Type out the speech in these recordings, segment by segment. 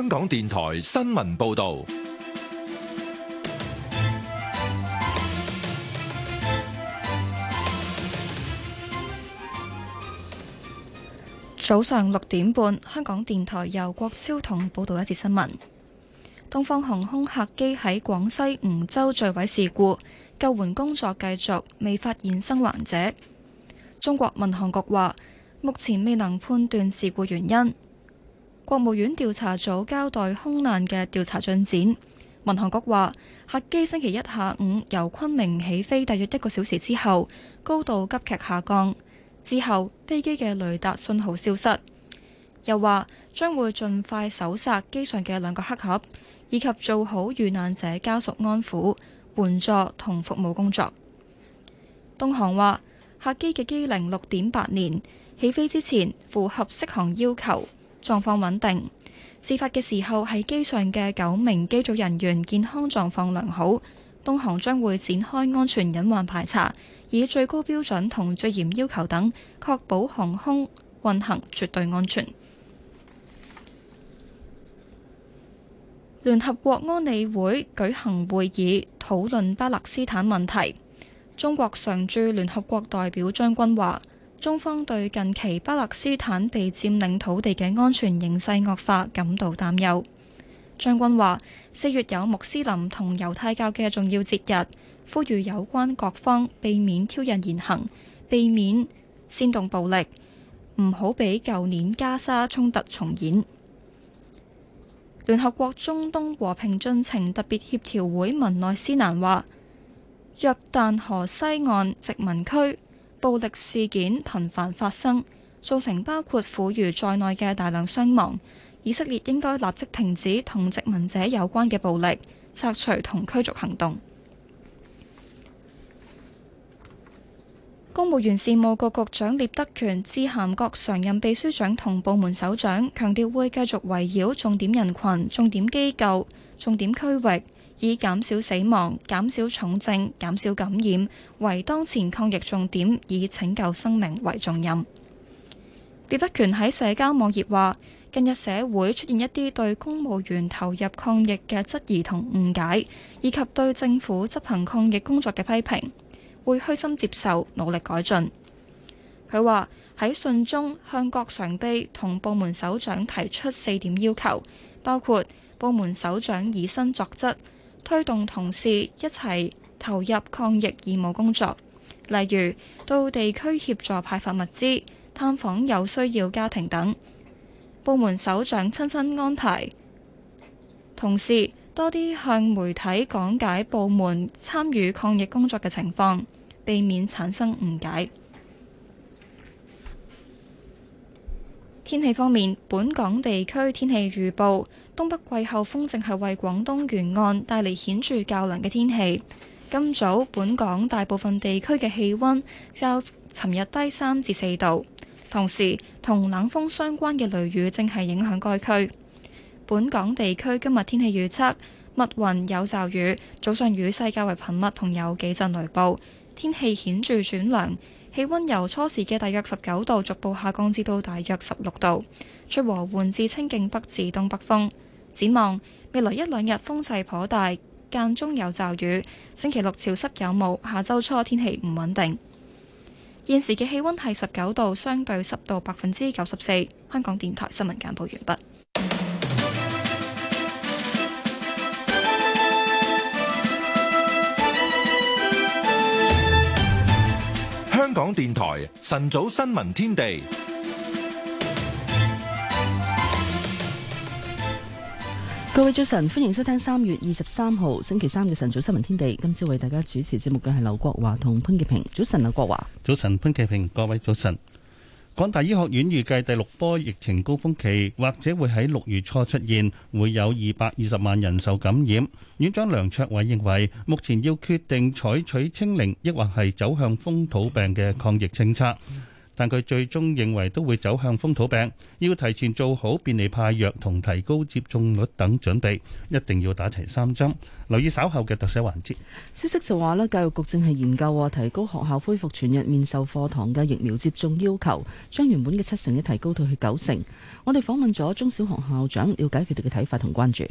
香港電台新聞報道，早上六點半，香港電台由郭超彤報道一節新聞。東方航空客機喺廣西梧州墜毀事故，救援工作繼續，未發現生還者。中國民航局話，目前未能判斷事故原因。國務院調查組交代空難嘅調查進展。民航局話，客機星期一下午由昆明起飛，大約一個小時之後高度急劇下降，之後飛機嘅雷達信號消失。又話將會盡快搜索機上嘅兩個黑盒，以及做好遇難者家屬安撫、援助同服務工作。東航話，客機嘅機齡六點八年，起飛之前符合適航要求。狀況穩定。事發嘅時候，喺機上嘅九名機組人員健康狀況良好。東航將會展開安全隱患排查，以最高標準同最嚴要求等，確保航空運行絕對安全。聯合國安理會舉行會議，討論巴勒斯坦問題。中國常駐聯合國代表張軍話：中方對近期巴勒斯坦被佔領土地嘅安全形勢惡化感到擔憂。將軍話：四月有穆斯林同猶太教嘅重要節日，呼籲有關各方避免挑釁言行，避免煽動暴力，唔好俾舊年加沙衝突重演。聯合國中東和平進程特別協調會文內斯蘭話：約旦河西岸殖民區暴力事件頻繁發生，造成包括婦孺在內嘅大量傷亡。以色列應該立即停止同殖民者有關嘅暴力、拆除同驅逐行動。 公務員事務局局長聶德權致函各常任秘書長同部門首長，強調會繼續圍繞重點人群、重點機構、重點區域。以減少死亡、減少重症、減少感染為當前抗疫重點，以拯救生命為重任。聶德權喺社交網頁話：近日社會出現一啲對公務員投入抗疫嘅質疑同誤解，以及對政府執行抗疫工作嘅批評，會虛心接受，努力改進。佢話喺信中向各常秘同部門首長提出四點要求，包括部門首長以身作則。推動同事一齊投入抗疫義務工作，例如到地區協助派發物資、探訪有需要家庭等。部門首長親身安排，同時多啲向媒體講解部門參與抗疫工作嘅情況，避免產生誤解。天氣方面，本港地區天氣預報。東北季候風正係為廣東沿岸帶嚟顯著較涼嘅天氣。今早本港大部分地區嘅氣溫較尋日低三至四度，同時同冷風相關嘅雷雨正係影響該區。本港地區今日天氣預測：密雲有驟雨，早上雨勢較為頻密，同有幾陣雷暴。天氣顯著轉涼，氣溫由初時嘅大約十九度逐步下降至到大約十六度。吹和緩至清勁北至東北風。展望未來一兩日風勢頗大，間中有驟雨。星期六潮濕有霧，下周初天氣唔穩定。現時嘅氣溫係十九度，相對濕度百分之九十四。香港電台新聞簡報完畢。香港電台晨早新聞天地。各位早晨，歡迎收聽三月二十三號星期三嘅晨早新聞天地。今朝為大家主持節目嘅係劉國華同潘潔平。早晨，劉國華。早晨，潘潔平。各位早晨。港大醫學院預計第六波疫情高峰期或者會喺六月初出現，會有二百二十萬人受感染。院長梁卓偉認為，目前要決定採取清零，抑或係走向風土病嘅抗疫政策。但佢最終認為都會走向風土病，要提前做好便利派藥同提高接種率等準備，一定要打齊三針。留意稍後嘅特寫環節。消息就話咧，教育局正係研究提高學校恢復全日面授課堂嘅疫苗接種要求，將原本嘅七成一提高到去九成。我哋訪問咗中小學校長，了解佢哋嘅睇法同關注。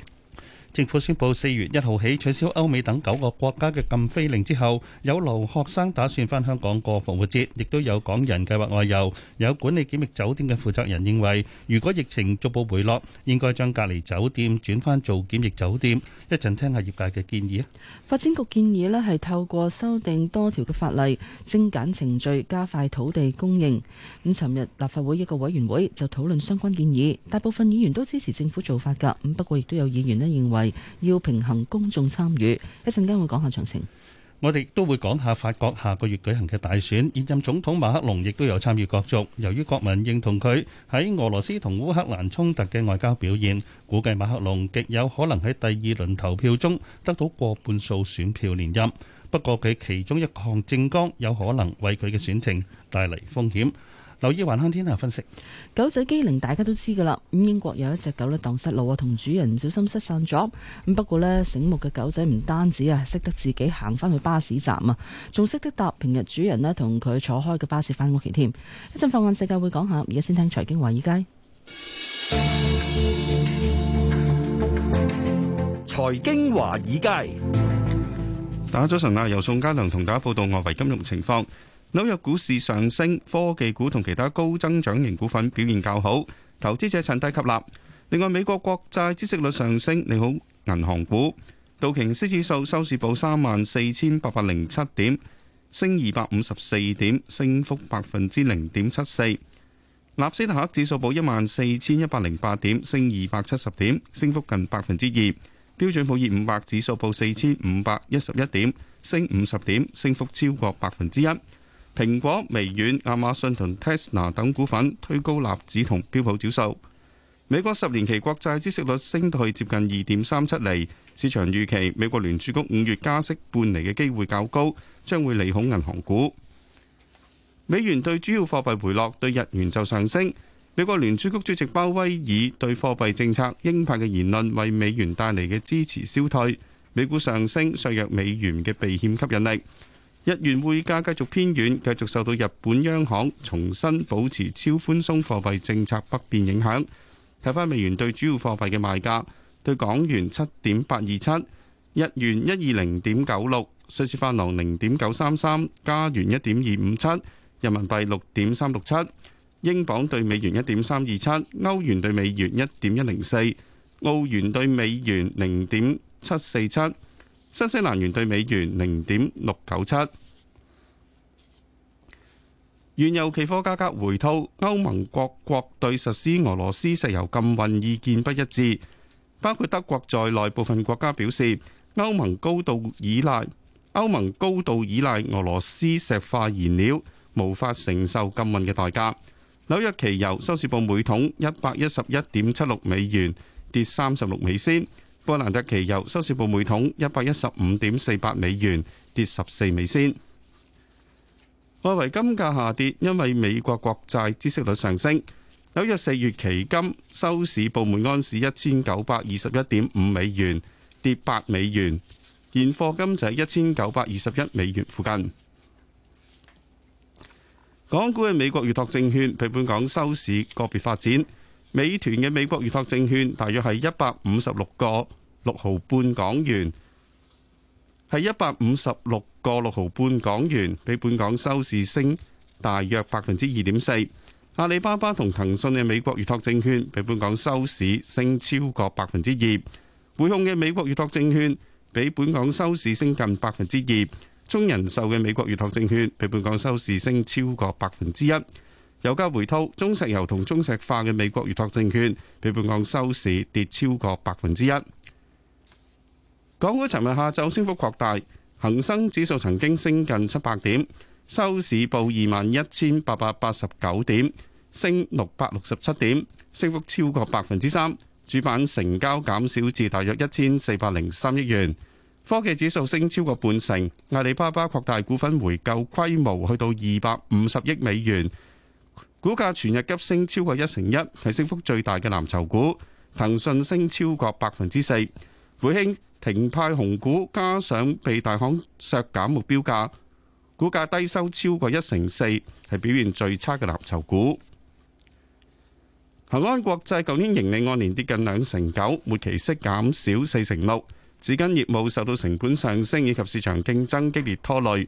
政府宣布四月一號起取消歐美等九個國家嘅禁飛令之後，有留學生打算翻香港過復活節，亦都有港人計劃外遊。有管理檢疫酒店嘅負責人認為，如果疫情逐步回落，應該將隔離酒店轉翻做檢疫酒店。一陣聽下業界嘅建議啊！發展局建議咧係透過修訂多條嘅法例，精簡程序，加快土地供應。咁尋日立法會一個委員會就討論相關建議，大部分議員都支持政府做法㗎。咁不過亦都有議員咧認為，要平衡公眾參與，一陣間會講下詳情。我哋都會講下法國下個月舉行嘅大選，現任總統馬克龍亦都有參與角逐。由於國民認同佢喺俄羅斯同烏克蘭衝突嘅外交表現，估計馬克龍極有可能喺第二輪投票中得到過半數選票連任。不過，佢其中一項政綱有可能為佢嘅選情帶嚟風險。留意雲香天下分析，狗仔機靈，大家都知噶啦。咁英國有一隻狗咧，蕩失路啊，同主人唔小心失散咗。咁不過呢，醒目嘅狗仔唔單止啊，識得自己行翻去巴士站啊，仲識得搭平日主人咧，同佢坐開嘅巴士翻屋企添。一陣放眼世界會講下，而家先聽財經華爾街。財經華爾街，大家早晨啊！由宋家良同大家報道外圍金融情況。紐約股市上升，科技股同其他高增長型股份表現較好，投資者趁低吸納。另外，美國國債孳息率上升，利好銀行股。道瓊斯指數收市報三萬四千八百零七點，升二百五十四點，升幅百分之零點七四。納斯達克指數報一萬四千一百零八點，升二百七十點，升幅近百分之二。標準普爾五百指數報四千五百一十一點，升五十點，升幅超過百分之一。蘋果、微軟、亞馬遜同 Tesla 等股份推高納指同標普指數。美國十年期國債孳息率升退接近二點三七厘，市場預期美國聯儲局五月加息半厘嘅機會較高，將會利好銀行股。美元對主要貨幣回落，對日元就上升。美國聯儲局主席鮑威爾對貨幣政策鷹派嘅言論為美元帶嚟嘅支持消退，美股上升削弱美元嘅避險吸引力。日元匯價繼續偏軟，繼續受到日本央行重新保持超寬鬆貨幣政策不變影響。睇返美元對主要貨幣嘅賣價，對港元七點八二七，日元一二零點九六，瑞士法郎零點九三三，加元一點二五七，人民幣六點三六七，英鎊對美元一點三二七，歐元對美元一點一零四，澳元對美元零點七四七。新西蘭元對美元零點六九七，原油期貨價格回吐。歐盟各國對實施俄羅斯石油禁運意見不一致，包括德國在內部分國家表示，歐盟高度依賴歐盟高度依賴俄羅斯石化燃料，無法承受禁運嘅代價。紐約期油收市報每桶一百一十一點七六美元，跌三十六美仙。波蘭特期油收市報每桶一百一十五點四八美元，跌十四美仙。外圍金價下跌，因為美國國債孳息率上升。紐約四月期金收市報每安士一千九百二十一點五美元，跌八美元。現貨金就係一千九百二十一美元附近。港股嘅美國預託證券，比本港收市個別發展。美團嘅美國預託證券大約係一百五十六個六毫半港元，係一百五十六個六毫半港元，比本港收市升大約百分之二點四。阿里巴巴同騰訊嘅美國預託證券比本港收市升超過百分之二。匯控嘅美國預託證券比本港收市升近百分之二。中人壽嘅美國預託證券比本港收市升超過百分之一。有油價回吐，中石油同中石化嘅美國預託證券被本港收市跌超過百分之一。港股尋日下晝升幅擴大，恒生指數曾經升近七百點，收市報二萬一千八百八十九點，升六百六十七點，升幅超過百分之三。主板成交減少至大約一千四百零三億元。科技指數升超過半成，阿里巴巴擴大股份回購規模，去到二百五十億美元。股價全日急升超過一成一，係升幅最大嘅藍籌股。騰訊升超過百分之四，匯興停派紅股加上被大行削減目標價，股價低收超過一成四，係表現最差嘅藍籌股。恒安國際舊年盈利按年跌近兩成九，末期息減少四成六，紙巾業務受到成本上升以及市場競爭激烈拖累。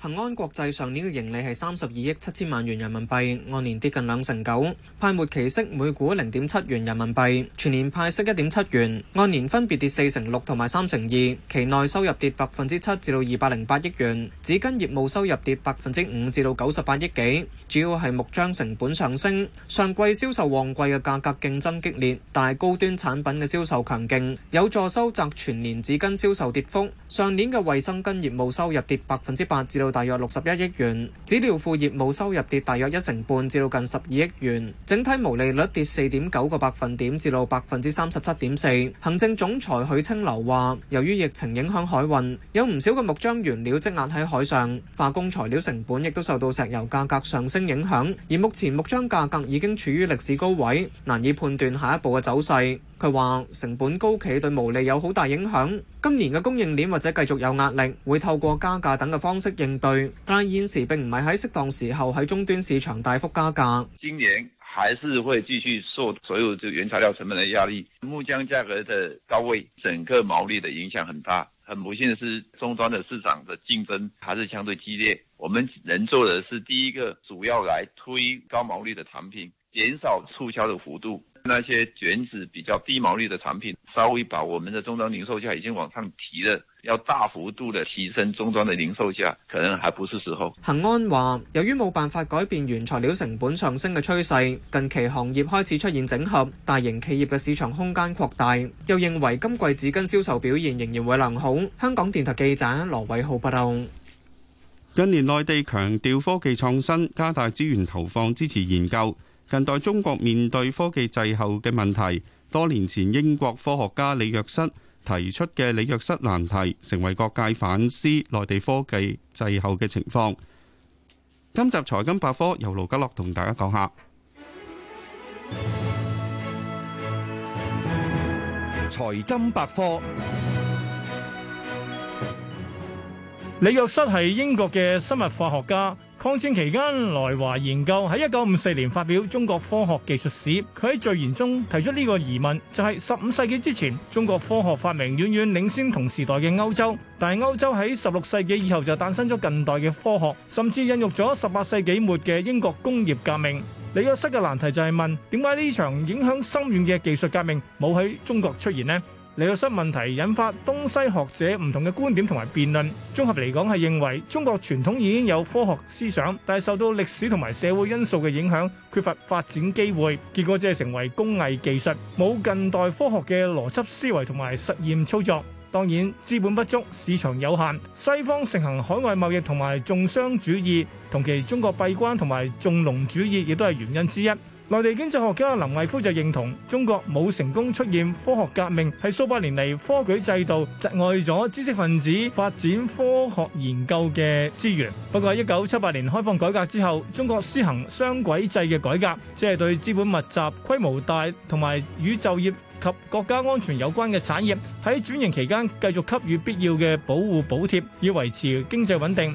恒安國際上年嘅盈利係三十二億七千萬元人民幣，按年跌近兩成九，派末期息每股零點七元人民幣，全年派息一點七元，按年分別跌四成六同埋三成二，期內收入跌百分之七至到，二百零八億元，紙巾業務收入跌百分之五至到，九十八億幾，主要係木漿成本上升，上季銷售旺季嘅價格競爭激烈，但係高端產品嘅銷售強勁，有助收窄全年紙巾銷售跌幅。上年嘅衛生巾業務收入跌百分之八至到。至大約六十一億元，紙尿褲業務收入跌大約一成半，至到近十二億元，整體毛利率跌四點九個百分點，至到百分之三十七點四。行政總裁許清流話：由於疫情影響海運，有唔少嘅木漿原料積壓喺海上，化工材料成本亦都受到石油價格上升影響，而目前木漿價格已經處於歷史高位，難以判斷下一步嘅走勢。佢話：成本高企對毛利有好大影響，今年嘅供應鏈或者繼續有壓力，會透過加價等嘅方式應對。但係現時並唔係喺適當時候喺終端市場大幅加價。今年還是會繼續受所有原材料成本嘅壓力，木漿價格的高位，整個毛利嘅影響很大。很不幸係，是終端的市場嘅競爭還是相對激烈。我們能做嘅係第一個主要來推高毛利嘅產品，減少促銷嘅幅度。那些卷紙比較低毛利的產品，稍微把我們的終端零售價已經往上提了，要大幅度的提升終端的零售價，可能還不是時候。恒安話，由於冇辦法改變原材料成本上升嘅趨勢，近期行業開始出現整合，大型企業嘅市場空間擴大。又認為今季紙巾銷售表現仍然會良好。香港電台記者羅偉浩報道。近年內地強調科技創新，加大資源投放支持研究。近代中國面對科技滯後嘅問題，多年前英國科學家李約瑟提出嘅李約瑟難題，成為各界反思內地科技滯後嘅情況。今集財金百科由盧家樂同大家講下財金百科。李約瑟係英國嘅生物化學家。抗戰期間來華研究，喺一九五四年發表《中國科學技術史》，佢喺序言中提出呢個疑問，就係十五世紀之前，中國科學發明遠遠領先同時代嘅歐洲，但係歐洲喺十六世紀以後就誕生咗近代嘅科學，甚至孕育咗十八世紀末嘅英國工業革命。李約瑟嘅難題就係問，點解呢場影響深遠嘅技術革命冇喺中國出現呢？李約瑟問題引發東西學者唔同嘅觀點同埋辯論。綜合嚟講係認為中國傳統已經有科學思想，但係受到歷史同埋社會因素嘅影響，缺乏發展機會，結果只係成為工藝技術，冇近代科學嘅邏輯思維同埋實驗操作。當然資本不足、市場有限，西方盛行海外貿易同埋重商主義，同期中國閉關同埋重農主義亦都係原因之一。內地經濟學家林毅夫就認同，中國冇成功出現科學革命，係數百年嚟科舉制度窒礙咗知識分子發展科學研究嘅資源。不過喺一九七八年開放改革之後，中國施行雙軌制嘅改革，即係對資本密集、規模大同埋與就業及國家安全有關嘅產業喺轉型期間繼續給予必要嘅保護補貼，以維持經濟穩定。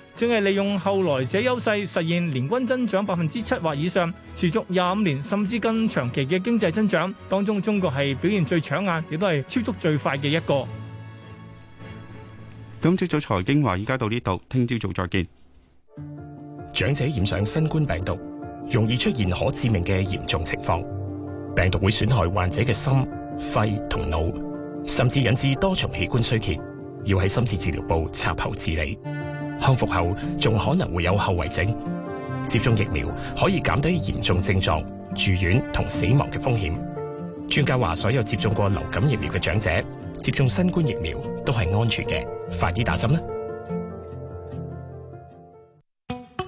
正係利用後來者優勢實現年均增長百分之七或以上，持續廿五年甚至更長期嘅經濟增長。當中中國係表現最搶眼，亦都係超速最快嘅一個。今朝早財經話：依家到呢度，聽朝早再見。長者染上新冠病毒，容易出現可致命嘅嚴重情況。病毒會損害患者嘅心、肺同腦，甚至引致多重器官衰竭，要喺深切治療部插喉治理。康復後仲可能會有後遺症，接種疫苗可以減低嚴重症狀、住院同死亡嘅風險。專家話，所有接種過流感疫苗嘅長者接種新冠疫苗都係安全嘅，快啲打針啦！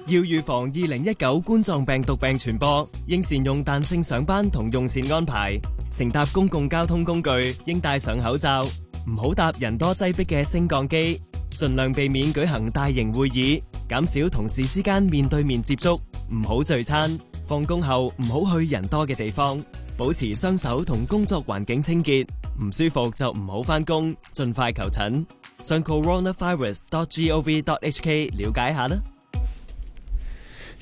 要預防二零一九冠狀病毒病傳播，應善用彈性上班同用膳安排，乘搭公共交通工具應戴上口罩，唔好搭人多擠迫嘅升降機。盡量避免舉行大型會議，減少同事之間面對面接觸，唔好聚餐，放工後唔好去人多嘅地方，保持雙手同工作環境清潔，唔舒服就唔好返工，盡快求診。上 coronavirus.gov.hk 了解下啦。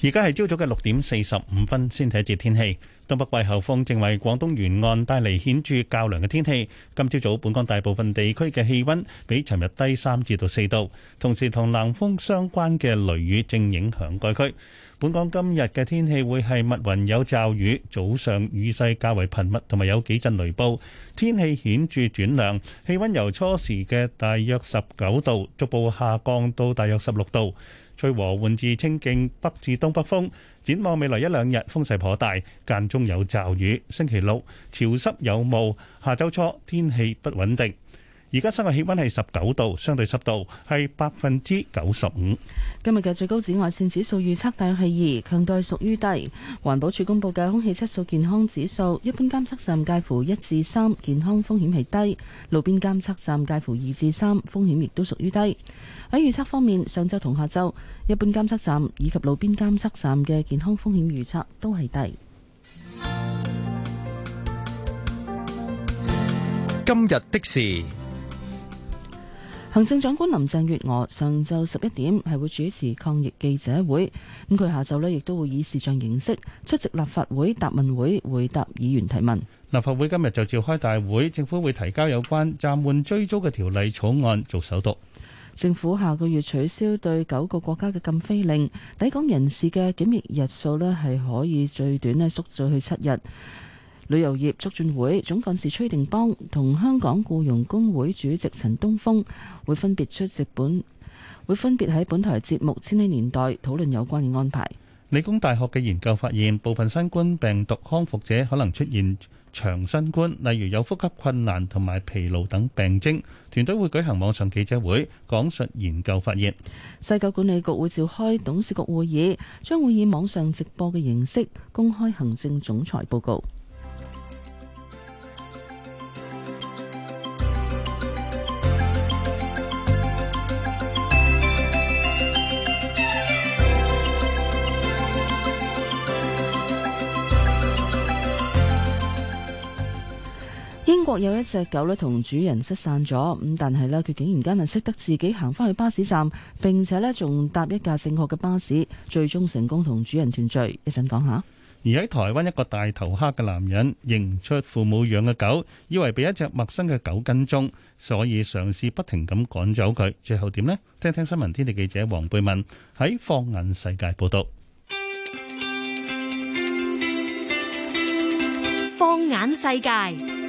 而家係朝早嘅六點四十五分，先睇一節天氣。東北季候風正為廣東沿岸帶嚟顯著較涼嘅天氣。今朝早本港大部分地區嘅氣溫比尋日低三至到四度，同時同南風相關嘅雷雨正影響該區。本港今日嘅天氣會係密雲有驟雨，早上雨勢較為頻密，同埋有幾陣雷暴。天氣顯著轉涼，氣溫由初時嘅大約十九度逐步下降到大約十六度。吹和緩至清勁北至東北風。展望未來一兩日風勢頗大，間中有驟雨。星期六潮濕有霧，下周初天氣不穩定。而家室外氣溫係十九度，相對濕度係百分之九十五。今日嘅最高紫外線指數預測大約係二，強度屬於低。環保署公布嘅空氣質素健康指數，一般監測站介乎一至三，健康風險係低；路邊監測站介乎二至三，風險亦都屬於低。喺預測方面，上周同下周，一般監測站以及路邊監測站嘅健康風險預測都係低。今日的事。行政長官林鄭月娥上晝十一點係會主持抗疫記者會，咁佢下晝呢亦都會以視像形式出席立法會答問會，回答議員提問。立法會今日就召開大會，政府會提交有關暫緩追租嘅條例草案做首讀。政府下個月取消對九個國家嘅禁飛令，抵港人士嘅檢疫日數呢係可以最短呢縮咗去七日。旅遊業促進會總幹事崔定邦同香港僱傭工會主席陳東峰會分別出席本會分別喺本台節目《千禧年代》討論有關嘅安排。理工大學嘅研究發現，部分新冠病毒康復者可能出現長新冠，例如有呼吸困難同埋疲勞等病徵。團隊會舉行網上記者會，講述研究發現。世界管理局會召開董事局會議，將會以網上直播嘅形式公開行政總裁報告。英國有一隻狗咧同主人失散咗，咁但係咧佢竟然間係識得自己行翻去巴士站，並且咧仲搭一架正確嘅巴士，最終成功同主人團聚。一陣講下。而喺台灣，一個大頭蝦嘅男人認唔出父母養嘅狗，以為畀一隻陌生嘅狗跟蹤，所以嘗試不停咁趕走佢。最後點呢？聽聽新聞天地記者黃貝文喺放眼世界報道。放眼世界。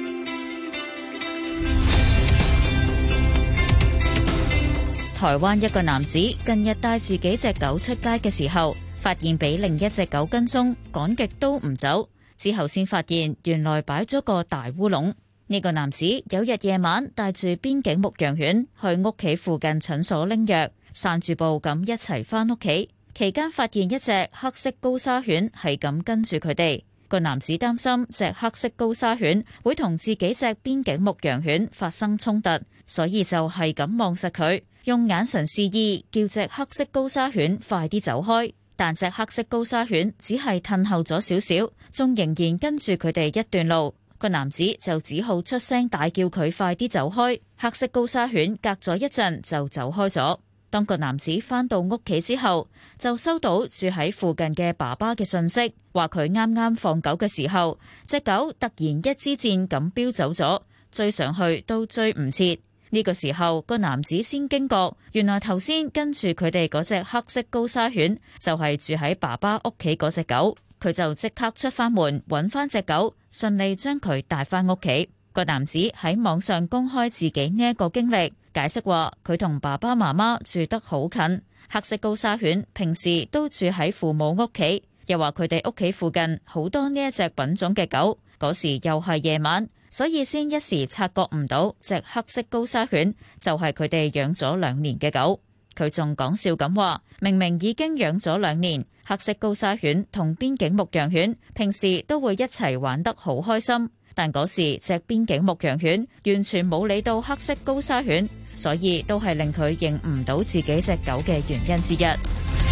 台灣一個男子近日帶自己隻狗出街嘅時候，發現俾另一隻狗跟蹤，趕極都唔走。之後先發現原來擺咗個大烏龍。呢個男子有日夜晚帶住邊境牧羊犬去屋企附近診所拎藥，散住步咁一齊翻屋企期間，發現一隻黑色高沙犬係咁跟住佢哋。個男子擔心隻黑色高沙犬會同自己隻邊境牧羊犬發生衝突，所以就係咁望實佢。用眼神示意，叫隻黑色高沙犬快啲走開，但隻黑色高沙犬只係褪後咗少少，仲，仍然跟住佢哋一段路。個男子就只好出聲大叫佢快啲走開，黑色高沙犬隔咗一陣就走開咗。當個男子返到屋企之後，就收到住喺附近嘅爸爸嘅信息，話佢啱啱放狗嘅時候，隻狗突然一支箭咁飆走咗，追上去都追唔切。呢個時候，個男子先驚覺，原來頭先跟住佢哋嗰隻黑色高沙犬就係住喺爸爸屋企嗰隻狗，佢就即刻出翻門搵翻隻狗，順利將佢帶翻屋企。個男子喺網上公開自己呢一個經歷，解釋話佢同爸爸媽媽住得好近，黑色高沙犬平時都住喺父母屋企，又話佢哋屋企附近好多呢一隻品種嘅狗。嗰時又係夜晚，所以先一時察覺唔到隻黑色高砂犬就係佢哋養咗兩年嘅狗。佢仲講笑咁話：明明已經養咗兩年，黑色高砂犬同邊境牧羊犬平時都會一齊玩得好開心，但嗰時隻邊境牧羊犬完全冇理到黑色高砂犬，所以都係令佢認唔到自己隻狗嘅原因之一。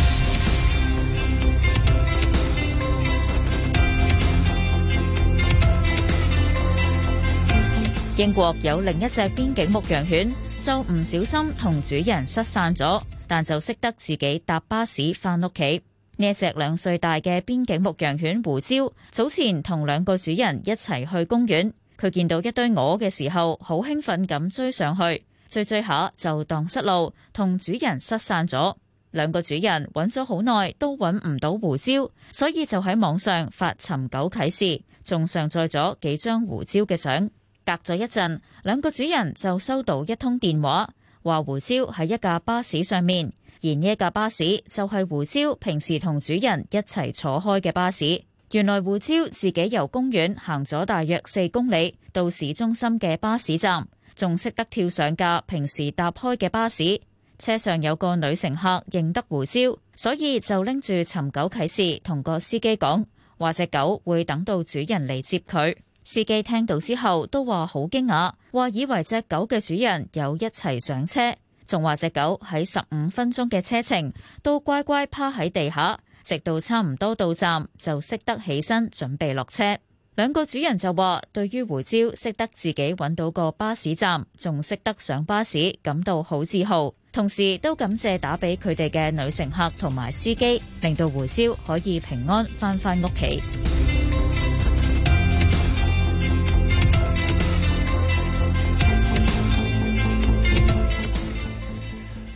英國有另一隻邊境牧羊犬，就唔小心同主人失散咗，但就識得自己搭巴士翻屋企。呢隻兩歲大嘅邊境牧羊犬胡椒，早前同兩個主人一齊去公園，佢見到一堆鵝嘅時候，好興奮，噉追上去，追追下就蕩失路，同主人失散咗。兩個主人揾咗好耐都揾唔到胡椒，所以就喺網上發尋狗啟示，仲上載咗幾張胡椒嘅相。隔咗一陣，兩個主人就收到一通電話，話胡椒喺一架巴士上面。而呢架巴士就係胡椒平時同主人一齊坐開嘅巴士。原來胡椒自己由公園行咗大約四公里到市中心嘅巴士站，仲識得跳上架平時搭開嘅巴士。車上有個女乘客認得胡椒，所以就拎住尋狗啟事，同個司機講，話隻狗會等到主人嚟接佢。司機聽到之後都話好驚訝，話以為隻狗嘅主人有一齊上車，仲話隻狗喺十五分鐘嘅車程都乖乖趴喺地下，直到差唔多到站就識得起身準備落車。兩個主人就話對於胡椒識得自己揾到個巴士站，仲識得上巴士，感到好自豪，同時都感謝打俾佢哋嘅女乘客同埋司機，令到胡椒可以平安翻翻屋企。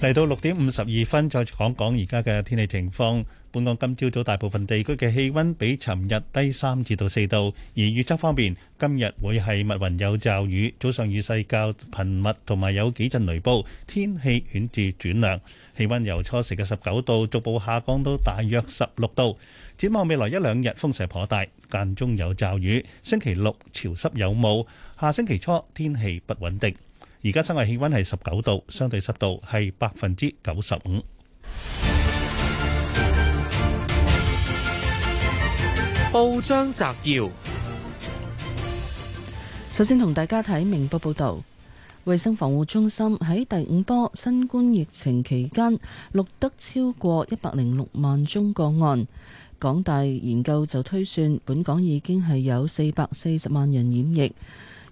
嚟到六點五十二分，再講講而家嘅天氣情況。本港今朝早大部分地區嘅氣溫比尋日低三至到四度，而預測方面，今日會係密雲有驟雨，早上雨勢較頻密，同埋有幾陣雷暴，天氣顯著轉涼，氣溫由初時嘅十九度逐步下降到大約十六度。展望未來一兩日風勢頗大，間中有驟雨。星期六潮濕有霧，下星期初天氣不穩定。而家室外氣温係十九度，相對濕度係百分之九十五。報章摘要：首先同大家睇明報報道，衞生防護中心喺第五波新冠疫情期間，錄得超過一百零六萬宗個案。港大研究就推算，本港已經係有四百四十萬人染疫。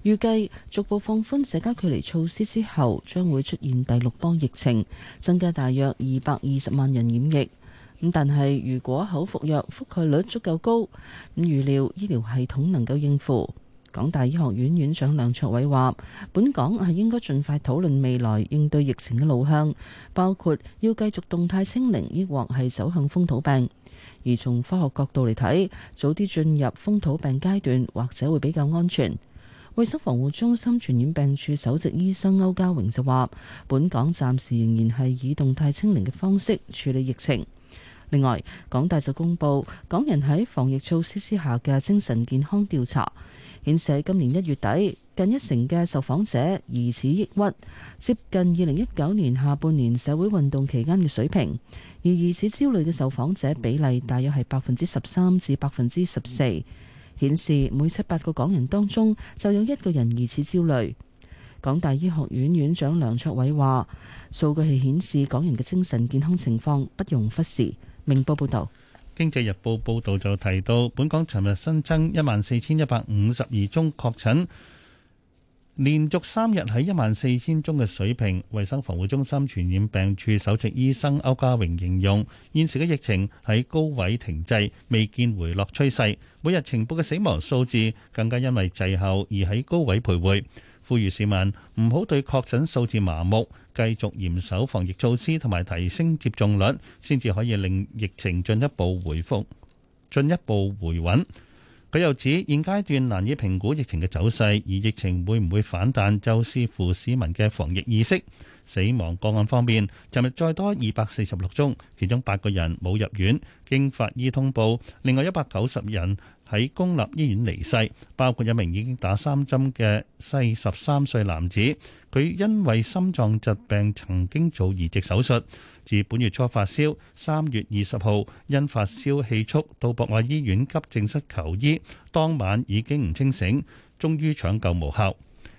預計逐步放寬社交距離措施之後，將會出現第六波疫情，增加大約二百二十萬人染疫。咁但係，如果口服藥覆蓋率足夠高，咁預料醫療系統能夠應付。港大醫學院院長梁卓偉話，本港係應該盡快討論未來應對疫情嘅路向，包括要繼續動態清零，抑或係走向風土病。而從科學角度嚟睇，早啲進入風土病階段，或者會比較安全。衛生防護中心傳染病處首席醫生歐家榮就話，本港暫時仍然係以動態清零嘅方式處理疫情。另外，港大就公布港人喺防疫措施之下嘅精神健康調查，顯示今年一月底近一成嘅受訪者疑似抑鬱，接近二零一九年下半年社會運動期間嘅水平，而疑似焦慮嘅受訪者比例大約係百分之十三至百分之十四。顯示每七八個港人當中就有一個人疑似焦慮。港大醫學院院長梁卓偉話，數據係顯示港人嘅精神健康情況不容忽視。明報報道，《經濟日報》報道就提到，本港尋日新增一萬四千一百五十二宗確診。連續三日喺一萬四千宗嘅水平，衞生防護中心傳染病處首席醫生歐家榮形容，現時嘅疫情喺高位停滯，未見回落趨勢。每日情報嘅死亡數字更加因為滯後而喺高位徘徊。呼籲市民唔好對確診數字麻木，繼續嚴守防疫措施同埋提升接種率，先至可以令疫情進一步回復、進一步回穩。佢又指，現階段難以評估疫情嘅走勢，而疫情會唔會反彈，就視乎市民嘅防疫意識。死亡個案方面，昨日再多二百四十六宗，其中八個人冇入院，經法醫通報；另外一百九十人喺公立醫院離世，包括一名已經打三針嘅四十三歲男子，佢因為心臟疾病曾經做移植手術。自本月初發燒，三月二十號因發燒氣促到博愛醫院急症室求醫，當晚已經唔清醒，終於搶救無效。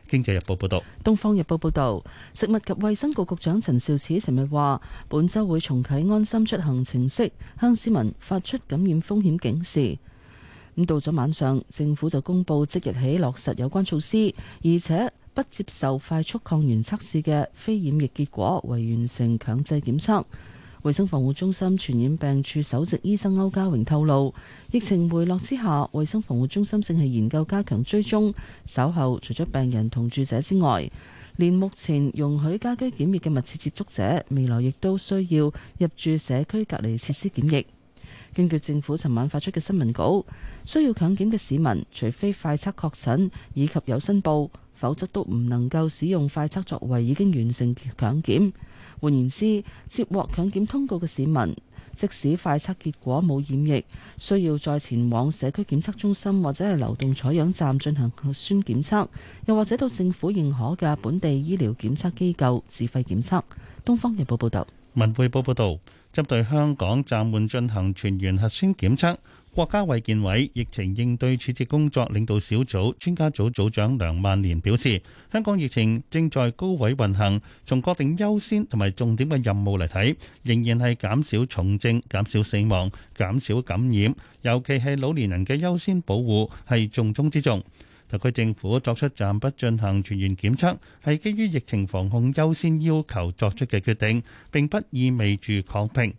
經濟日報報道，東方日報報道，食物及衛生局局長陳肇始尋日話：本週會重啟安心出行程式，向市民發出感染風險警示。咁到咗晚上，政府就公佈即日起落實有關措施，而且。不接受快速抗原測試嘅非染疫結果，為完成強制檢測。衛生防護中心傳染病處首席醫生歐家榮透露，疫情回落之下，衛生防護中心正係研究加強追蹤，稍後除咗病人同住者之外，連目前容許家居檢疫嘅密切接觸者，未來亦都需要入住社區隔離設施檢疫。根據政府尋晚發出嘅新聞稿，需要強檢嘅市民，除非快測確診以及有申報。否則都唔能夠使用快測作為已經完成強檢。換言之，接獲強檢通告嘅市民，即使快測結果冇染疫，需要再前往社區檢測中心或者係流動採樣站進行核酸檢測，又或者到政府認可嘅本地醫療檢測機構自費檢測。《東方日報》報道。《文匯報》報道，針對香港暫緩進行全員核酸檢測。國家衛健委疫情應對處置工作領導小組專家組組長梁萬年表示，香港疫情正在高位運行，從確定優先同埋重點嘅任務嚟睇，仍然係減少重症、減少死亡、減少感染，尤其係老年人嘅優先保護係重中之重。特區政府作出暫不進行全員檢測，係基於疫情防控優先要求作出嘅決定，並不意味住躺平。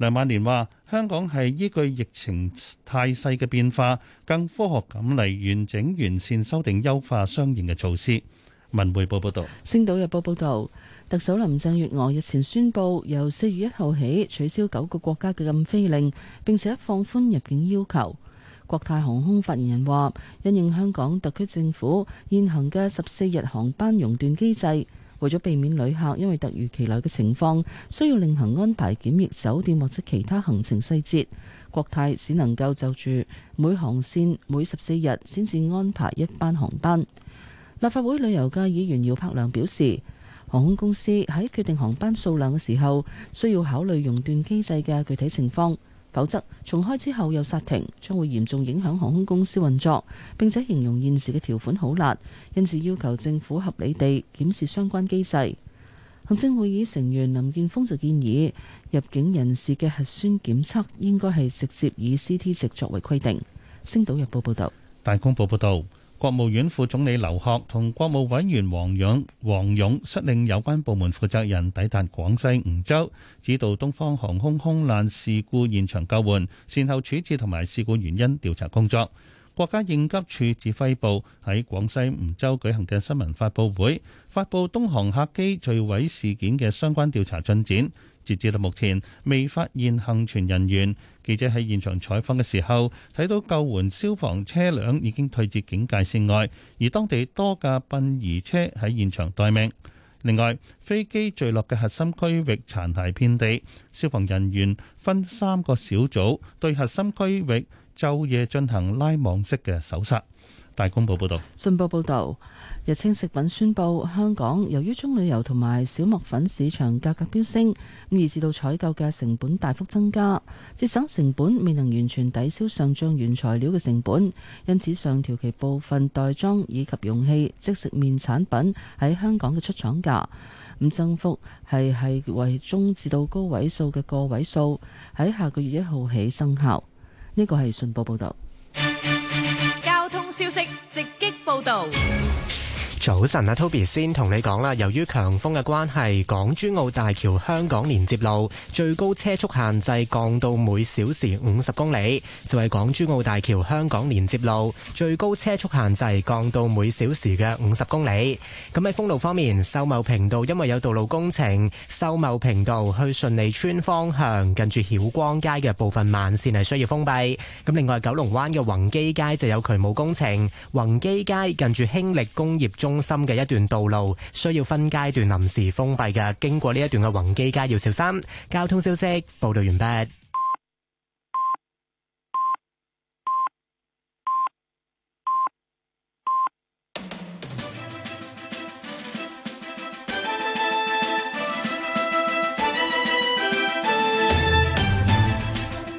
梁萬年話：香港係依據疫情態勢嘅變化，更科學咁嚟完整、完善、修訂、優化相應嘅措施。文匯報報導，星島日報報導，特首林鄭月娥日前宣布，由四月一號起取消九個國家嘅禁飛令，並且放寬入境要求。國泰航空發言人話：因應香港特區政府現行嘅十四日航班熔斷機制。為咗避免旅客因為突如其來嘅情況，需要另行安排檢疫酒店或者其他行程細節，國泰只能夠就住每航線每十四日先至安排一班航班。立法會旅遊界議員姚柏良表示，航空公司喺決定航班數量嘅時候，需要考慮熔斷機制嘅具體情況。否則重開之後又剎停，將會嚴重影響航空公司運作，並且形容現時嘅條款好辣，因此要求政府合理地檢視相關機制。行政會議成員林健鋒就建議，入境人士嘅核酸檢測應該係直接以 CT 值作為規定。星島日報報道，大公報報道。國務院副總理劉鶴同國務委員王勇、王勇率領有關部門負責人抵達廣西梧州，指導東方航空空難事故現場救援、善後處置同埋事故原因調查工作。國家應急處指揮部喺廣西梧州舉行嘅新聞發布會，發布東航客機墜毀事件嘅相關調查進展。截至到目前，未發現幸存人員。記者喺現場採訪嘅時候，睇到救援消防車輛已經退至警戒線外，而當地多架殯儀車喺現場待命。另外，飛機墜落嘅核心區域殘骸遍地，消防人員分三個小組對核心區域晝夜進行拉網式嘅搜查。大公報報道，信報報道，日清食品宣布，香港由於棕櫚油同埋小麥粉市場價格飆升，咁以至到採購嘅成本大幅增加，節省成本未能完全抵消上漲原材料嘅成本，因此上調其部分袋裝以及容器即食麵產品喺香港嘅出廠價，咁增幅係係為中至到高位數嘅個位數，喺下個月一號起生效。呢、這個係信報報道。消息直擊報導。早晨阿 Toby 先同你講啦，由於強風嘅關係，港珠澳大橋香港連接路最高車速限制降到每小時五十公里。就係港珠澳大橋香港連接路最高車速限制降到每小時嘅五十公里。咁喺封路方面，秀茂坪道因為有道路工程，秀茂坪道去順利村方向近住曉光街嘅部分慢線係需要封閉。咁另外，九龍灣嘅宏基街就有渠務工程，宏基街近住興力工業中心嘅一段道路需要分階段臨時封閉嘅，經過呢一段嘅宏基街要小心。交通消息報道完畢。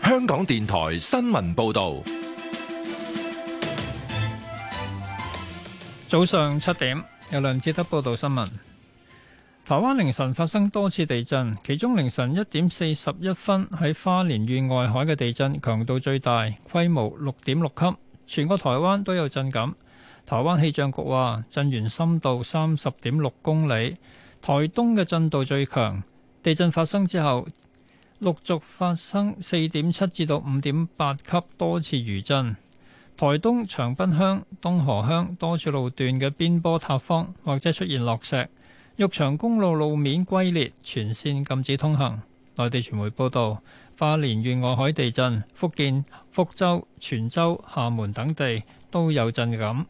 香港電台新聞報道。早上七點，由梁志德報道新聞。台灣凌晨發生多次地震，其中凌晨一點四十一分喺花蓮縣外海嘅地震強度最大，規模六點六級，全個台灣都有震感。台灣氣象局話，震源深度三十點六公里，台東嘅震度最強。地震發生之後，陸續發生四點七至到五點八級多次餘震。台東長濱鄉、東河鄉多處路段嘅邊坡塌方，或者出現落石。玉長公路路面龜裂，全線禁止通行。內地傳媒報道，花蓮縣外海地震，福建福州、泉州、廈門等地都有震感。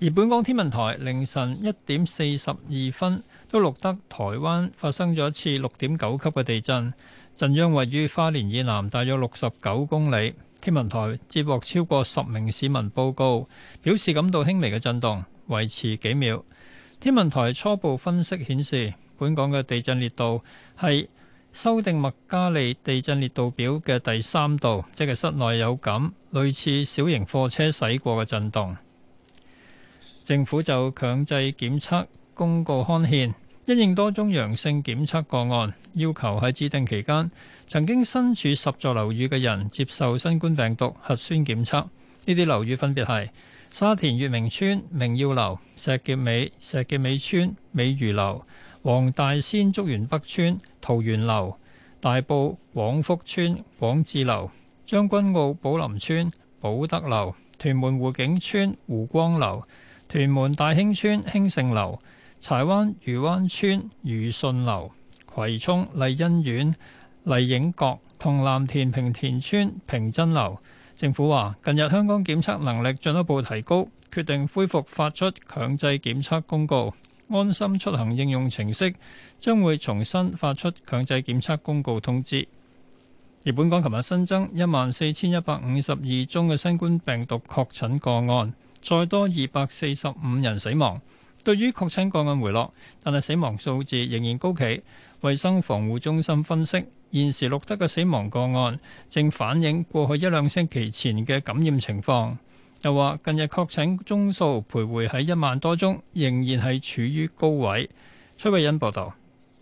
而本港天文台凌晨一點四十二分都錄得台灣發生咗一次六點九級嘅地震，震央位於花蓮以南大約六十九公里。天文台接獲超過十名市民報告，表示感到輕微嘅震動，維持幾秒。天文台初步分析顯示，本港嘅地震烈度係修訂麥加利地震烈度表嘅第三度，即係室內有感，類似小型貨車駛過嘅震動。政府就強制檢測公告刊憲。因應多宗陽性檢測個案，要求喺指定期間曾經身處十座樓宇嘅人接受新冠病毒核酸檢測。呢啲樓宇分別係沙田月明村、明耀樓、石硤尾、石硤尾村、美如樓、黃大仙竹園北村、桃源樓、大埔廣福村、廣智樓、將軍澳寶，寶林村、寶德樓、屯門湖景村、湖光樓、屯門大興村、興盛樓。柴灣漁灣村漁順樓、葵涌麗欣苑、麗影閣、同藍田平田村平真樓。政府話，近日香港檢測能力進一步提高，決定恢復發出強制檢測公告。安心出行應用程式將會重新發出強制檢測公告通知。而本港琴日新增一萬四千一百五十二宗嘅新冠病毒確診個案，再多二百四十五人死亡。對於確診個案回落，但係死亡數字仍然高企。衞生防護中心分析，現時錄得嘅死亡個案正反映過去一兩星期前嘅感染情況。又話近日確診宗數徘徊喺一萬多宗，仍然係處於高位。崔慧欣報導。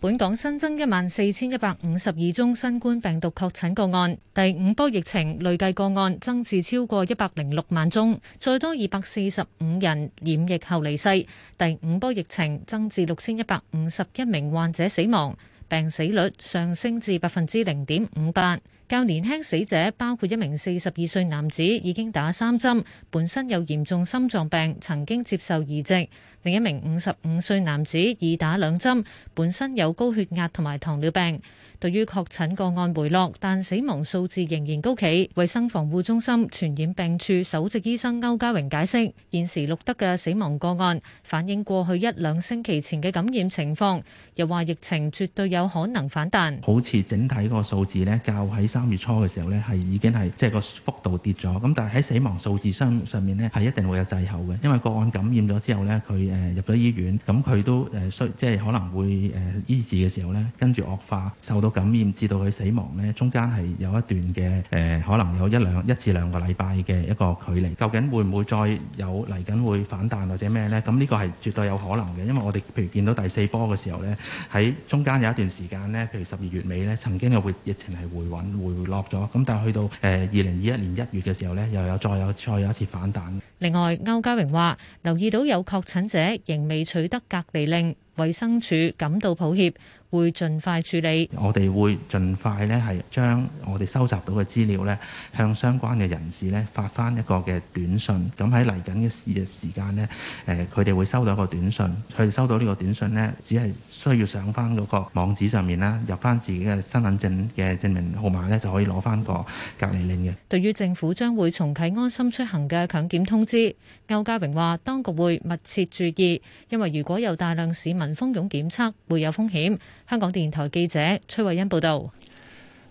本港新增一萬四千一百五十二宗新冠病毒確診個案，第五波疫情累計個案增至超過一百零六萬宗，再多二百四十五人染疫後離世，第五波疫情增至六千一百五十一名患者死亡，病死率上升至百分之零點五八。較年輕死者包括一名四十二歲男子，已經打三針，本身有嚴重心臟病，曾經接受移植。另一名五十五歲男子已打兩針，本身有高血壓同埋糖尿病。對於確診個案回落，但死亡數字仍然高企，衞生防護中心傳染病處首席醫生歐家榮解釋：現時錄得嘅死亡個案反映過去一兩星期前嘅感染情況，又話疫情絕對有可能反彈。好似整體個數字咧，較喺三月初嘅時候咧係已經係即係個幅度跌咗。咁但係喺死亡數字上上面咧係一定會有滯後嘅，因為個案感染咗之後咧，佢誒入咗醫院，咁佢都誒需即係可能會誒醫治嘅時候咧，跟住惡化受到。感染至到佢死亡呢，中間係有一段嘅，誒可能有一兩一至兩個禮拜嘅一個距離，究竟會唔會再有嚟緊會反彈或者咩呢？咁呢個係絕對有可能嘅，因為我哋譬如見到第四波嘅時候呢，喺中間有一段時間呢，譬如十二月尾呢，曾經又會疫情係回穩回落咗。咁但係去到誒二零二一年一月嘅時候呢，又有再有再有一次反彈。另外，歐家榮話留意到有確診者仍未取得隔離令，衛生署感到抱歉。會盡快處理。我哋會盡快咧，係將我哋收集到嘅資料咧，向相關嘅人士咧發翻一個嘅短信。咁喺嚟緊嘅時日時間咧，誒佢哋會收到一個短信。佢哋收到呢個短信咧，只係需要上翻嗰個網址上面啦，入翻自己嘅身份證嘅證明號碼咧，就可以攞翻個隔離令嘅。對於政府將會重啟安心出行嘅強檢通知。歐家榮話：當局會密切注意，因為如果有大量市民蜂擁檢測，會有風險。香港電台記者崔慧欣報道：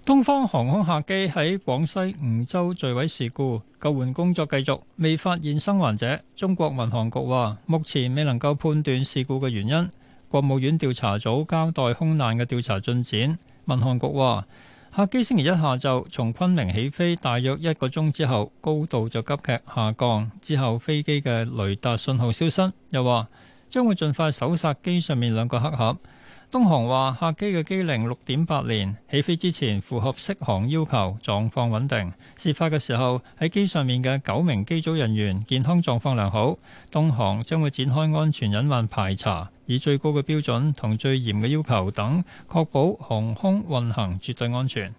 東方航空客機喺廣西梧州墜毀事故，救援工作繼續，未發現生還者。中國民航局話，目前未能夠判斷事故嘅原因。國務院調查組交代空難嘅調查進展。民航局話，客機星期一下晝從昆明起飛，大約一個鐘之後高度就急劇下降，之後飛機嘅雷達信號消失。又話將會盡快搜索機上面兩個黑盒。東航話客機嘅機齡六點八年，起飛之前符合適航要求，狀況穩定。事發嘅時候喺機上面嘅九名機組人員健康狀況良好。東航將會展開安全隱患排查。以最高嘅標準同最嚴嘅要求等，確保航空運行絕對安全。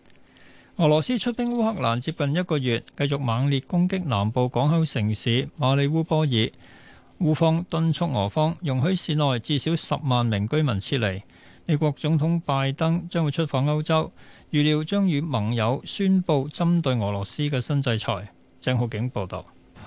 俄羅斯出兵烏克蘭接近一個月，繼續猛烈攻擊南部港口城市馬里烏波爾。烏方敦促俄方容許市內至少十萬名居民撤離。美國總統拜登將會出訪歐洲，預料將與盟友宣布針對俄羅斯嘅新制裁。鄭浩景報道。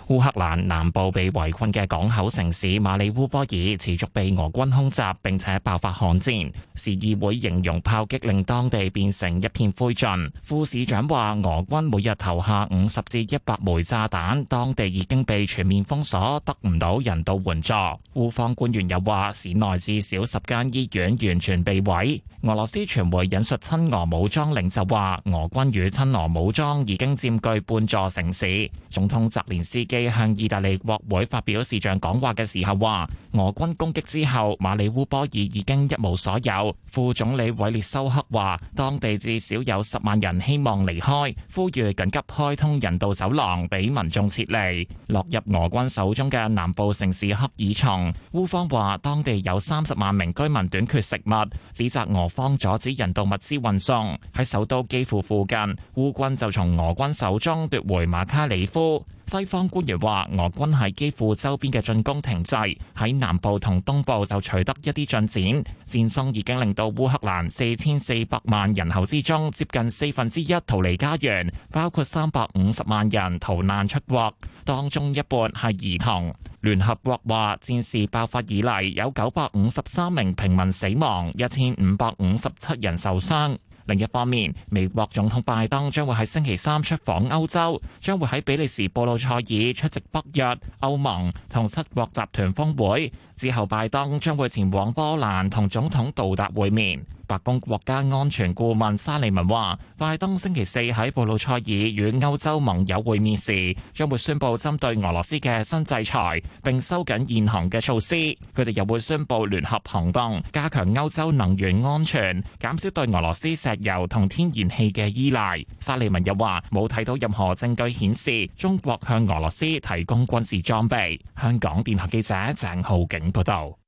烏克蘭南部被圍困嘅港口城市馬里烏波爾持續被俄軍空襲，並且爆發巷戰。市議會形容炮擊令當地變成一片灰燼。副市長話：俄軍每日投下五十至一百枚炸彈，當地已經被全面封鎖，得唔到人道援助。烏方官員又話：市內至少十間醫院完全被毀。俄羅斯傳媒引述親俄武裝領袖話：俄軍與親俄武裝已經佔據半座城市。總統澤連斯基。向意大利國會發表視像講話嘅時候，話俄軍攻擊之後，馬里烏波爾已經一無所有。副總理韋列修克話，當地至少有十萬人希望離開，呼籲緊急開通人道走廊，俾民眾撤離落入俄軍手中嘅南部城市赫爾松。烏方話，當地有三十萬名居民短缺食物，指責俄方阻止人道物資運送。喺首都基輔附近，烏軍就從俄軍手中奪回馬卡里夫。西方官員話，俄軍喺基輔周邊嘅進攻停滯，喺南部同東部就取得一啲進展。戰爭已經令到烏克蘭四千四百萬人口之中接近四分之一逃離家園，包括三百五十萬人逃難出國，當中一半係兒童。聯合國話，戰事爆發以嚟有九百五十三名平民死亡，一千五百五十七人受傷。另一方面，美國總統拜登將會喺星期三出訪歐洲，將會喺比利時布魯塞爾出席北約、歐盟同七國集團峰會。之後，拜登將會前往波蘭同總統杜達會面。白宮國家安全顧問沙利文話，拜登星期四喺布魯塞爾與歐洲盟友會面時，將會宣布針對俄羅斯嘅新制裁，並收緊現行嘅措施。佢哋又會宣布聯合行動，加強歐洲能源安全，減少對俄羅斯石油同天然氣嘅依賴。沙利文又話，冇睇到任何證據顯示中國向俄羅斯提供軍事裝備。香港電台記者鄭浩景。報道：